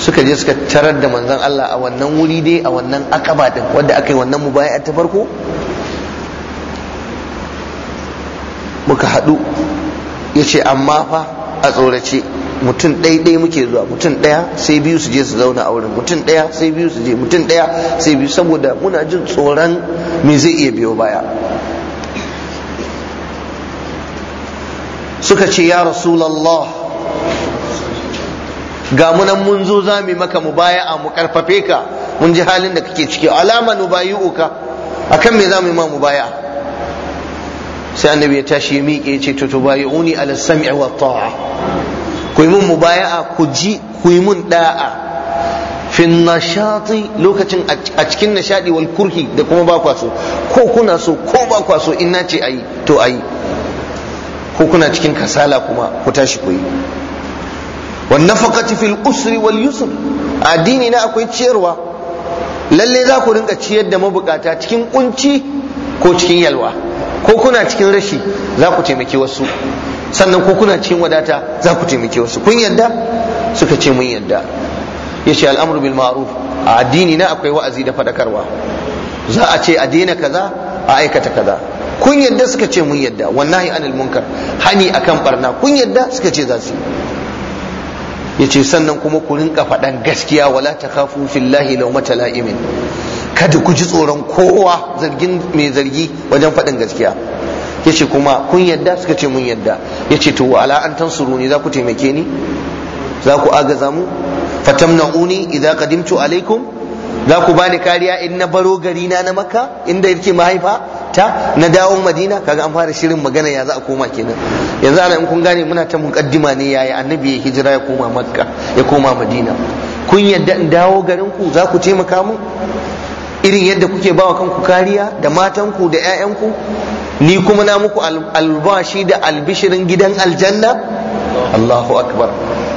suka je suka tarar da manzon Allah a wannan wuri dai a wannan akaba din wanda aka yi wannan mubaya'a ta farko muka haɗu ya ce amma fa a tsorace mutum ɗaya ɗaya muke zuwa mutum ɗaya sai biyu su je su zauna a wurin mutum ɗaya sai biyu su je mutum ɗaya sai biyu saboda muna jin tsoron me zai iya biyo baya suka ce ya rasulallah ga munan mun zo za mu maka mu baya mu karfafe ka mun ji halin da kake ciki alama nu uka akan me za mu ma mu baya sai annabi ya tashi ya miƙe ya ce to tubayuni ala sam'i wa ta'a ku yi mun mubaya'a ku ji ku yi mun da'a fi nashati lokacin a cikin nashadi wal kurhi da kuma ba kwaso ko kuna so ko ba kwaso in na ce ayi to ayi ko kuna cikin kasala kuma ku tashi ku yi wan nafaqati fil usri wal yusr addini na akwai ciyarwa lalle za ku rinka ciyar da mabukata cikin kunci ko cikin yalwa ko kuna cikin rashi za ku taimaki wasu sannan ko kuna cikin wadata za ku taimaki wasu kun yadda suka ce mun yadda ya ce al'amur bil ma'ruf a addini na akwai wa'azi da fadakarwa za a ce a daina kaza a aikata kaza kun yadda suka ce mun yadda wallahi anil munkar hani akan barna kun yadda suka ce za su yace sannan kuma ku rinka faɗan gaskiya wala kafu fillahi mata la'imin kada ku ji tsoron kowa zargin mai zargi wajen faɗin gaskiya yace kuma kun yadda suka ce mun yadda yace to ala an tansuru ni za ku taimake ni za ku agaza mu fatamna'uni idza qadimtu alaikum za ku bani kariya in na baro gari na na makka inda yake mahaifa ta na dawo madina kaga an fara shirin magana ya za a koma kenan yanzu ana in kun gane muna ta mukaddima ne yayi annabi ya hijira ya koma makka ya koma madina kun yadda in dawo garin ku za ku taimaka mu irin yadda kuke ba wa kanku kariya da matanku da ku? ni kuma na muku albashi da albishirin gidan aljanna Allahu akbar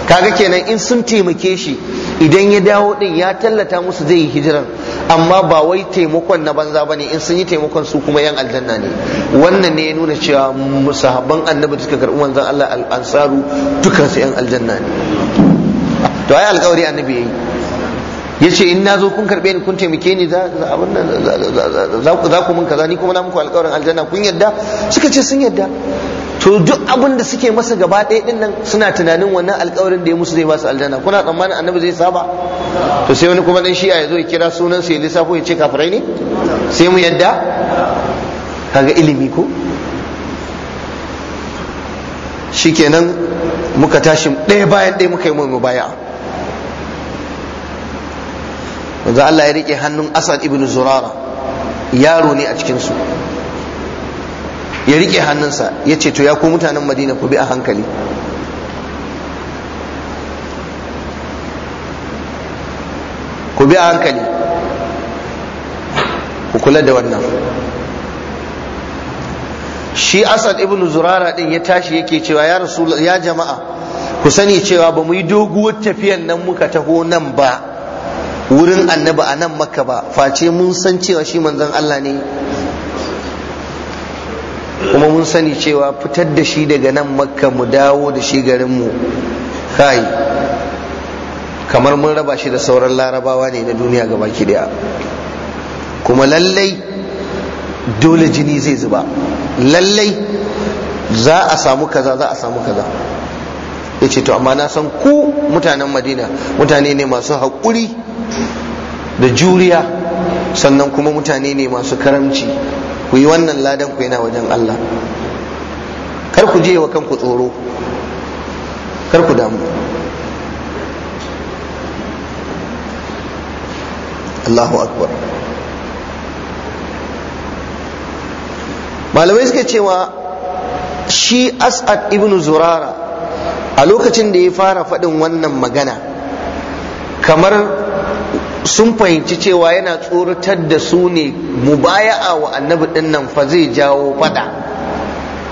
kaga kenan in sun taimake shi idan ya dawo din ya tallata musu zai yi hijiran amma ba wai taimakon na banza ba ne in sun yi taimakon su kuma yan aljanna ne wannan ne ya nuna cewa musahaban annabi suka karɓi manzon Allah al'ansaru dukkan su yan aljanna ne to ai alƙawari annabi yayi ya ce in na zo kun karɓe ni kun taimake ni za za ku mun kaza ni kuma na muku alƙawarin aljanna kun yadda suka ce sun yadda to duk abin da suke masa gaba ɗaya ɗin nan suna tunanin wannan alƙawarin da ya musu zai ba su aljanna kuna tsammanin annabi zai saba to sai wani kuma dan shi'a ya zo ya kira sunan su ya lissafo ya ce kafirai ne sai mu yadda kaga ilimi ko shikenan muka tashi ɗaya bayan ɗaya muka yi mai baya. manzo Allah ya rike hannun Asad ibn Zurara yaro ne a cikin su ya rike hannunsa ya ce to ya ku mutanen madina ku bi a hankali ku bi a hankali ku kula da wannan shi asad ibn zurara din ya tashi yake cewa ya rasul ya jama'a ku sani cewa ba mu yi doguwar tafiyan nan muka taho nan ba wurin annabi a nan makka ba face mun san cewa shi manzon Allah ne kuma mun sani cewa fitar da shi daga nan makka mu dawo da shi garinmu kai kamar mun raba shi da sauran larabawa ne na duniya gaba daya kuma lallai dole jini zai zuba lallai za a samu kaza za a samu kaza ya to amma na san ku mutanen madina mutane ne masu haƙuri da juriya sannan kuma mutane ne masu karamci ku yi wannan ladan ku yana wajen Allah kar ku je wa kanku tsoro kar ku damu Allahu akbar malamai suke cewa shi as'ad ibn zurara a lokacin da ya fara faɗin wannan magana kamar sun fahimci cewa yana tsoratar da su ne mubaya'a wa annabi din nan fa zai jawo fada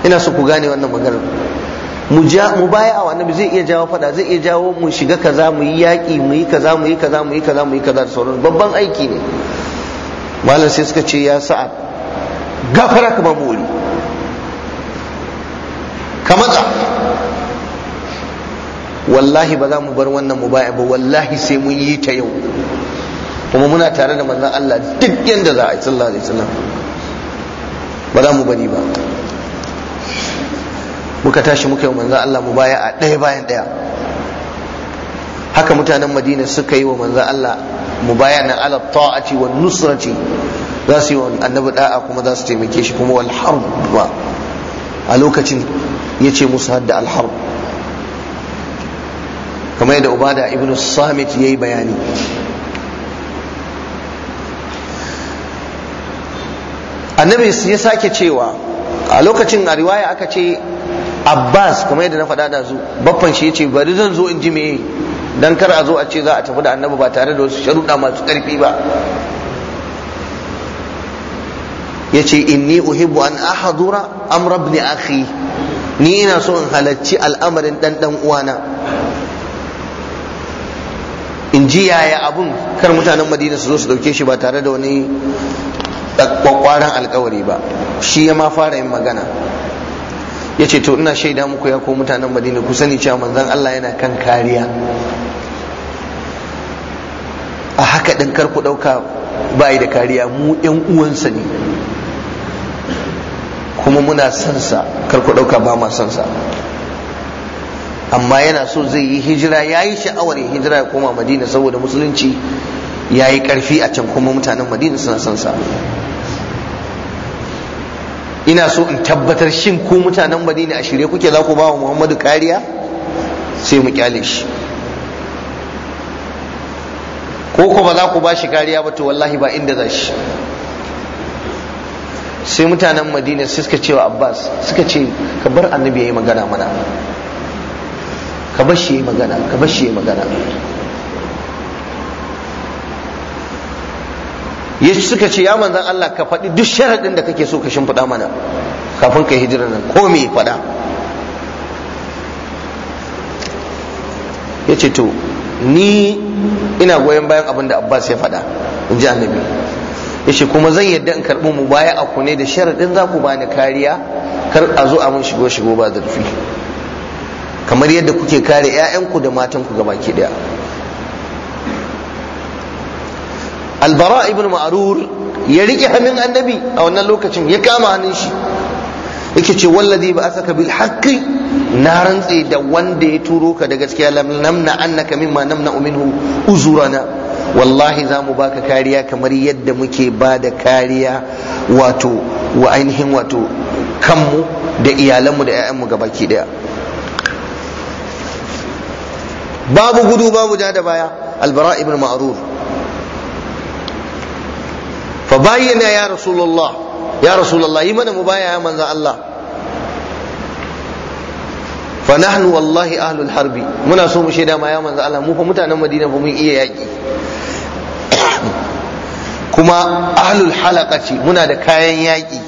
ina su ku gane wannan maganar mubaya'a wa annabi zai iya jawo fada zai iya jawo mu shiga kaza mu yi yaƙi mu yi kaza mu yi kaza mu yi kaza mu yi kaza da sauran babban aiki ne malam sai suka ce ya sa'ad gafara ka maburi ka matsa wallahi ba za mu bar wannan mubaya ba wallahi sai mun yi ta yau kuma muna tare da manzon Allah duk yadda za a yi sallallahu alaihi wasallam ba za mu bari ba muka tashi muka yi manza Allah mu baya a ɗaya bayan ɗaya haka mutanen Madina suka yi wa manzan Allah mu baya na ala ta'ati wa nusrati za su yi wa annabi da'a kuma za su taimake shi kuma wal harb a lokacin ya ce musu hadda al harb kamar yadda ubada ibn samit ya yi bayani annabi ya sake cewa a lokacin a riwaya aka ce abbas kuma yadda na faɗa da su baffan shi ya ce bari zan zo in ji meye dan kar a zo a ce za a tafi da annabi ba tare da wasu sharuɗa masu ƙarfi ba ya ce inni uhibbu an ahadura amra ibn akhi ni ina so in halarci al'amarin dan dan uwana in ji yaya abun kar mutanen madina su zo su dauke shi ba tare da wani kwakwaran alkawari ba shi ya ma fara yin magana ya ce to ina shaida muku ya ko mutanen madina ku sani cewa manzan Allah yana kan kariya a haka ɗin kar ku ɗauka ba da kariya mu yan uwansa ne kuma muna sansa karku ɗauka ba ma sansa amma yana so zai yi hijira ya yi sha'awar ya hijira ya koma madina saboda musulunci ya yi ƙarfi a can kuma mutanen madina suna sansa ina so in tabbatar shin ku mutanen madina a shirye kuke za ku ba wa muhammadu kariya sai mu kyale shi ko ko ba za ku ba shi kariya ba to wallahi ba inda za shi sai mutanen madina suka cewa abbas suka ce ka bar annabi ya yi magana mana ka bar shi ya yi magana ka bar shi ya yi magana ya suka ce ya manzan Allah ka faɗi duk sharaɗin da kake so ka shimfiɗa mana kafin ka hijira nan ko me faɗa ya ce to ni ina goyon bayan abin da Abbas ya faɗa in ji annabi ya ce kuma zan yadda in karɓi mu baya a kune da sharaɗin za ku bani kariya kar a zo a mun shigo shigo ba zurfi kamar yadda kuke kare 'ya'yanku da matanku gabaki ɗaya albara ibn ma'rur ya rike hannun annabi a wannan lokacin ya kama hannun shi yake ce wallazi ba asaka bil haqqi na rantse da wanda ya turo ka da gaskiya lam namna annaka mimma namna minhu uzurana wallahi za mu baka kariya kamar yadda muke ba da kariya wato wa ainihin wato kanmu da iyalanmu da 'ya'yanmu baki daya babu gudu babu ja da baya albara ibn ma'rur fa bayyana ya rasulullah ya rasulullah yi mana mu ya manzan Allah fa nahnu wallahi ahlul harbi muna so mu shaida ma ya manzan Allah mu fa mutanen Madina ba mu iya yaki kuma ahlul halaqati muna da kayan yaki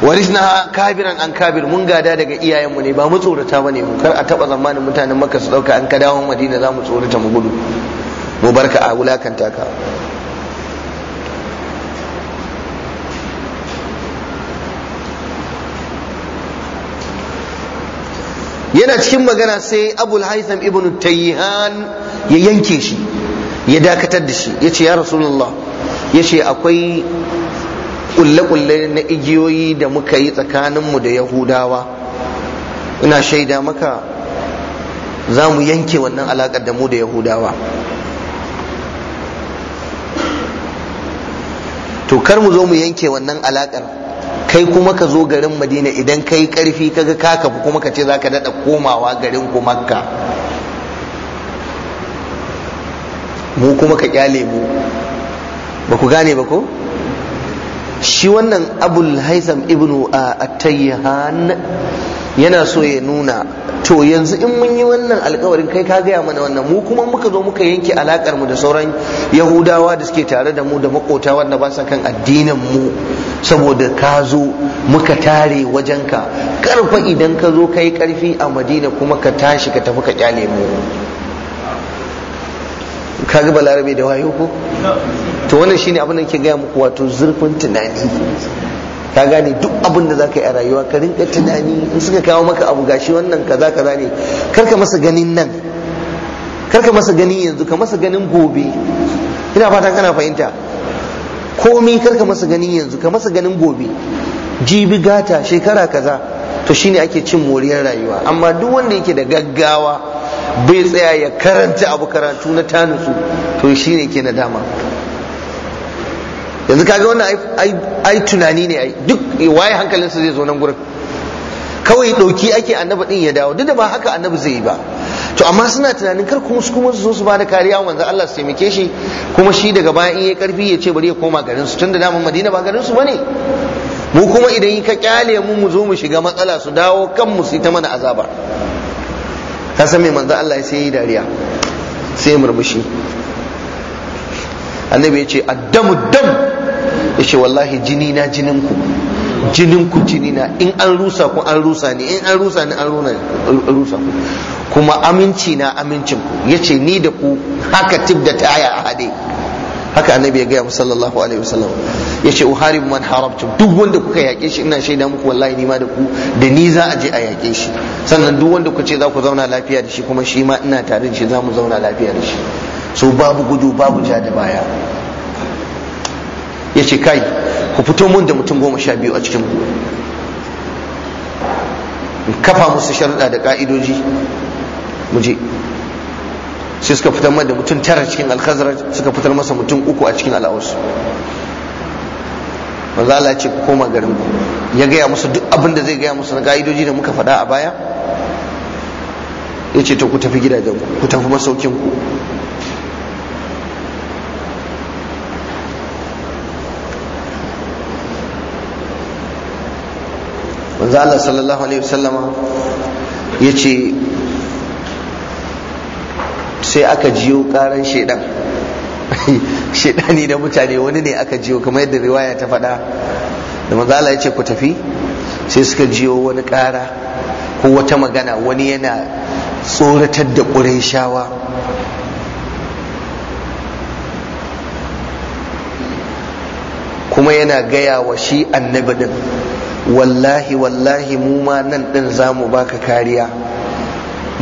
warisna kabiran an kabir mun gada daga iyayenmu ne ba mu tsorata bane mu kar a taba zamanin mutanen makka su dauka an ka dawo madina za mu tsorata mu gudu mu barka a wulakanta ka yana cikin magana sai abul haitham ibn tayyihan ya yanke shi ya dakatar da shi ya ce ya rasulullah ya ce akwai kulle-kulle na igiyoyi da muka yi tsakaninmu da yahudawa ina shaida maka za mu yanke wannan alaƙar da mu da yahudawa to kar mu zo mu yanke wannan alaƙar kai kuma ka zo garin madina idan ka yi ƙarfi kaga ga kafu kuma ka ce za ka daɗa komawa garin ku makka mu kuma ka kyale mu ba ku gane ba ko shi wannan abul haitham ibnu at yana so ya nuna to yanzu in mun yi wannan alkawarin kai ka gaya mana wannan mu kuma muka zo muka yanke alakar mu da sauran yahudawa da suke tare da mu da makota wanda ba sa kan addinin mu saboda ka zo muka tare wajenka karfa idan ka zo kai karfi a madina kuma ka tashi ka tafi ka kyale mu kaga balarabe da wayo ko to wannan shine abin da ke gaya muku wato zurfin tunani ka gane duk abin da zaka yi a rayuwa ka rinka tunani in suka kawo maka abu gashi wannan kaza kaza ne karka masa ganin nan karka masa ganin yanzu ka masa ganin gobe ina fatan kana fahimta komai karka masa ganin yanzu ka masa ganin gobe jibi gata shekara kaza to shine ake cin moriyar rayuwa amma duk wanda yake da gaggawa bai tsaya ya karanta abu karatu na tanusu to shine ke nadama yanzu kaga wannan ai tunani ne ai duk waye su zai zo nan gurin kawai ɗauki ake annabi ɗin ya dawo duk da ba haka annabi zai yi ba to amma suna tunanin kar kuma su kuma su zo su bada kariya wanzu Allah su taimake shi kuma shi daga baya in ya karfi ya ce bari ya koma garin su tunda namun Madina ba garin su bane mu kuma idan ka kyale mu mu zo mu shiga matsala su dawo kan mu su ta mana azaba ka san me manzo Allah ya sai dariya sai murmushi annabi ya ce addamu dam ya ce wallahi jini na jinin ku jinin ku jini na in an rusa ku an rusa ni in an rusa ni an rusa ku kuma aminci na amincin ku ya ce ni da ku haka tib da taya a haɗe haka annabi ya gaya sallallahu alaihi wasallam yace uharim man harabtum duk wanda kuka yake shi ina shaida muku wallahi ni ma da ku da ni za a je a yake shi sannan duk wanda kuka ce za ku zauna lafiya da shi kuma shi ma ina tare da shi za mu zauna lafiya da shi so babu gudu babu ja da baya yace kai ku fito mun da mutum goma sha biyu a cikin ku kafa musu sharuɗa da ka'idoji mu je sai suka fitar masa da mutum tara cikin alkhazraj suka fitar masa mutum uku a cikin al'aus manzo Allah ce ku koma garin ku ya gaya musu duk abin da zai gaya musu na ka'idoji da muka faɗa a baya ya ce to ku tafi gidajen ku ku tafi masaukin ku manzo Allah sallallahu alaihi wasallama ya ce sai aka jiyo karan shaidan shaidani da mutane wani ne aka jiyo kamar yadda riwaya ta faɗa da manzala ya ce ku tafi sai suka jiyo wani ƙara ko wata magana wani yana tsoratar da shawa, kuma yana gaya wa shi annabi din wallahi wallahi mu ma nan ɗin za mu baka kariya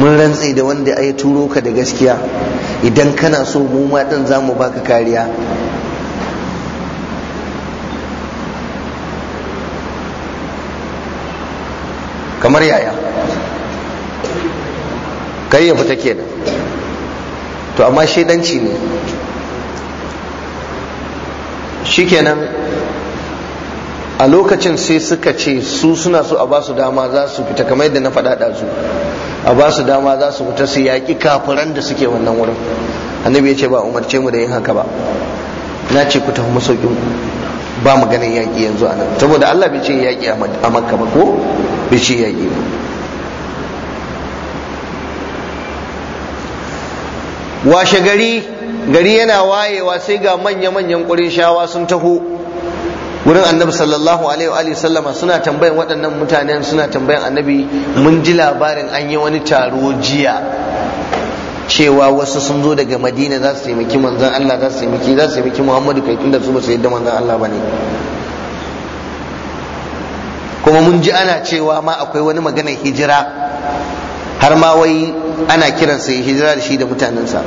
mun rantse da wanda ya turo ka da gaskiya idan kana so mu ma din za mu baka kariya kamar yaya kai ya fita kenan to amma shaidanci ne shikenan a lokacin sai suka ce su suna so a ba su dama za su fita kamar yadda na faɗaɗa su a ba su dama za su fita su yaƙi kafiran da suke wannan wurin annabi ya ce ba umarce mu da yin haka ba na ce ku tafi masaukin ku ba maganin yaƙi yanzu a nan saboda Allah bai ce yaƙi a makka ba ko bai ce yaƙi ba washe gari gari yana wayewa sai ga manya-manyan shawa sun taho wurin annabi sallallahu alaihi wa sallama suna tambayan waɗannan mutanen suna tambayan annabi mun ji labarin an yi wani taro jiya cewa wasu sun zo daga madina za su taimaki manzan Allah za su taimaki za su taimaki muhammadu kai tunda su ba su yadda manzan Allah ba ne kuma mun ji ana cewa ma akwai wani maganar hijira har ma wai ana kiransa hijira da shi da mutanensa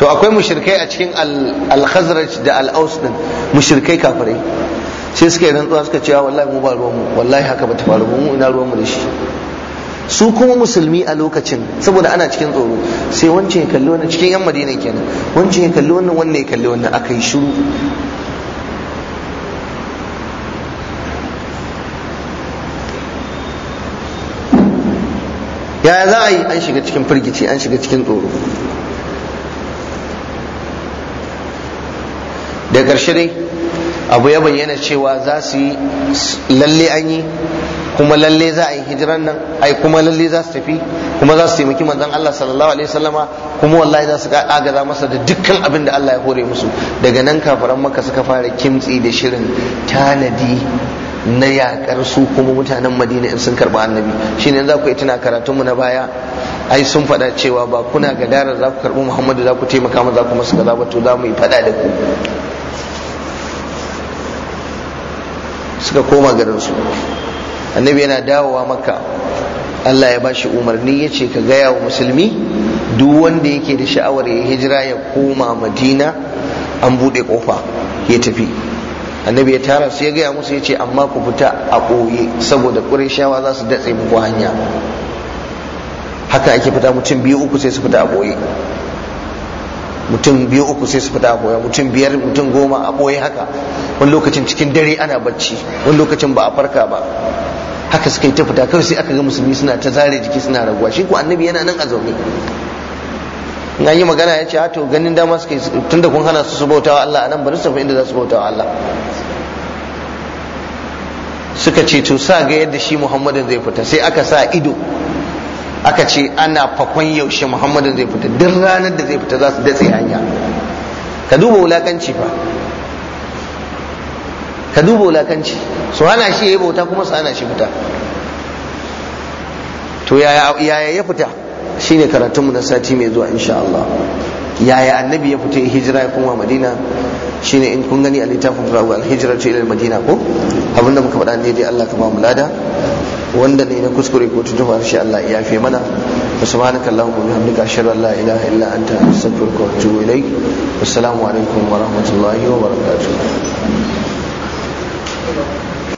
to akwai mushrikai a cikin al-khazraj da al-aus din mushrikai kafirai sai suka yi rantsuwa suka cewa ah, wallahi mu ba ruwan mu wallahi haka bata faru mu ina ruwan mu da shi su kuma musulmi a lokacin saboda ana cikin tsoro sai wancan ya kalli wannan cikin yan madina kenan wancan ya kalli wannan wannan ya kalli wannan aka yi shiru yaya za a yi an shiga cikin firgici an shiga cikin tsoro da ƙarshe dai abu ya bayyana cewa za su yi lalle an yi kuma lalle za a yi hijiran nan ai kuma lalle za su tafi kuma za su taimaki manzan Allah sallallahu alaihi wasallama kuma wallahi za su agaza masa da dukkan abin da Allah ya hore musu daga nan kafiran maka suka fara kimtsi da shirin tanadi na yakar su kuma mutanen madina in sun karba annabi shine za ku yi tuna karatunmu na baya ai sun faɗa cewa ba kuna darar za ku karɓi muhammadu za ku taimaka ma za ku masu kaza ba to za mu yi faɗa da ku suka koma garinsu annabi yana dawowa maka Allah ya bashi umarni ya ce ka gaya wa musulmi duk wanda yake da sha'awar ya hijira ya koma madina an buɗe ƙofa ya tafi annabi ya tara su ya gaya musu ya ce amma ku fita a ɓoye saboda shawa za su datse muku hanya haka ake fita mutum biyu uku sai su fita a ɓoye mutum biyu uku sai su fita a mutum biyar mutum goma a boye haka wani lokacin cikin dare ana bacci wani lokacin ba a farka ba haka suka yi ta fita kawai sai aka ga musulmi suna ta zare jiki suna raguwa shi ko annabi yana nan a zaune na yi magana ya ce a ah, to ganin dama suka yi tunda kun hana su su bautawa Allah nan bari su inda za su bautawa Allah suka ce to sa ga yadda shi Muhammadin zai fita sai aka sa ido aka ce ana fakon yaushe muhammadin zai fita duk ranar da zai fita za su datse hanya ka duba wulakanci fa ka duba wulakanci su hana shi ya yi bauta kuma su hana shi fita to yaya ya fita shi ne karatunmu na sati mai zuwa insha Allah yaya annabi ya fita hijira ya koma madina ne in kun gani a littafin firawa al-hijratu ilil madina ko abinda muka faɗa ne dai Allah ka ba mu lada wanda ne na kuskure ko tuntuba shi Allah ya yafe mana wa subhanaka allahumma wa bihamdika ashhadu an la ilaha illa anta astaghfiruka wa atubu ilaik assalamu alaikum wa rahmatullahi wa barakatuh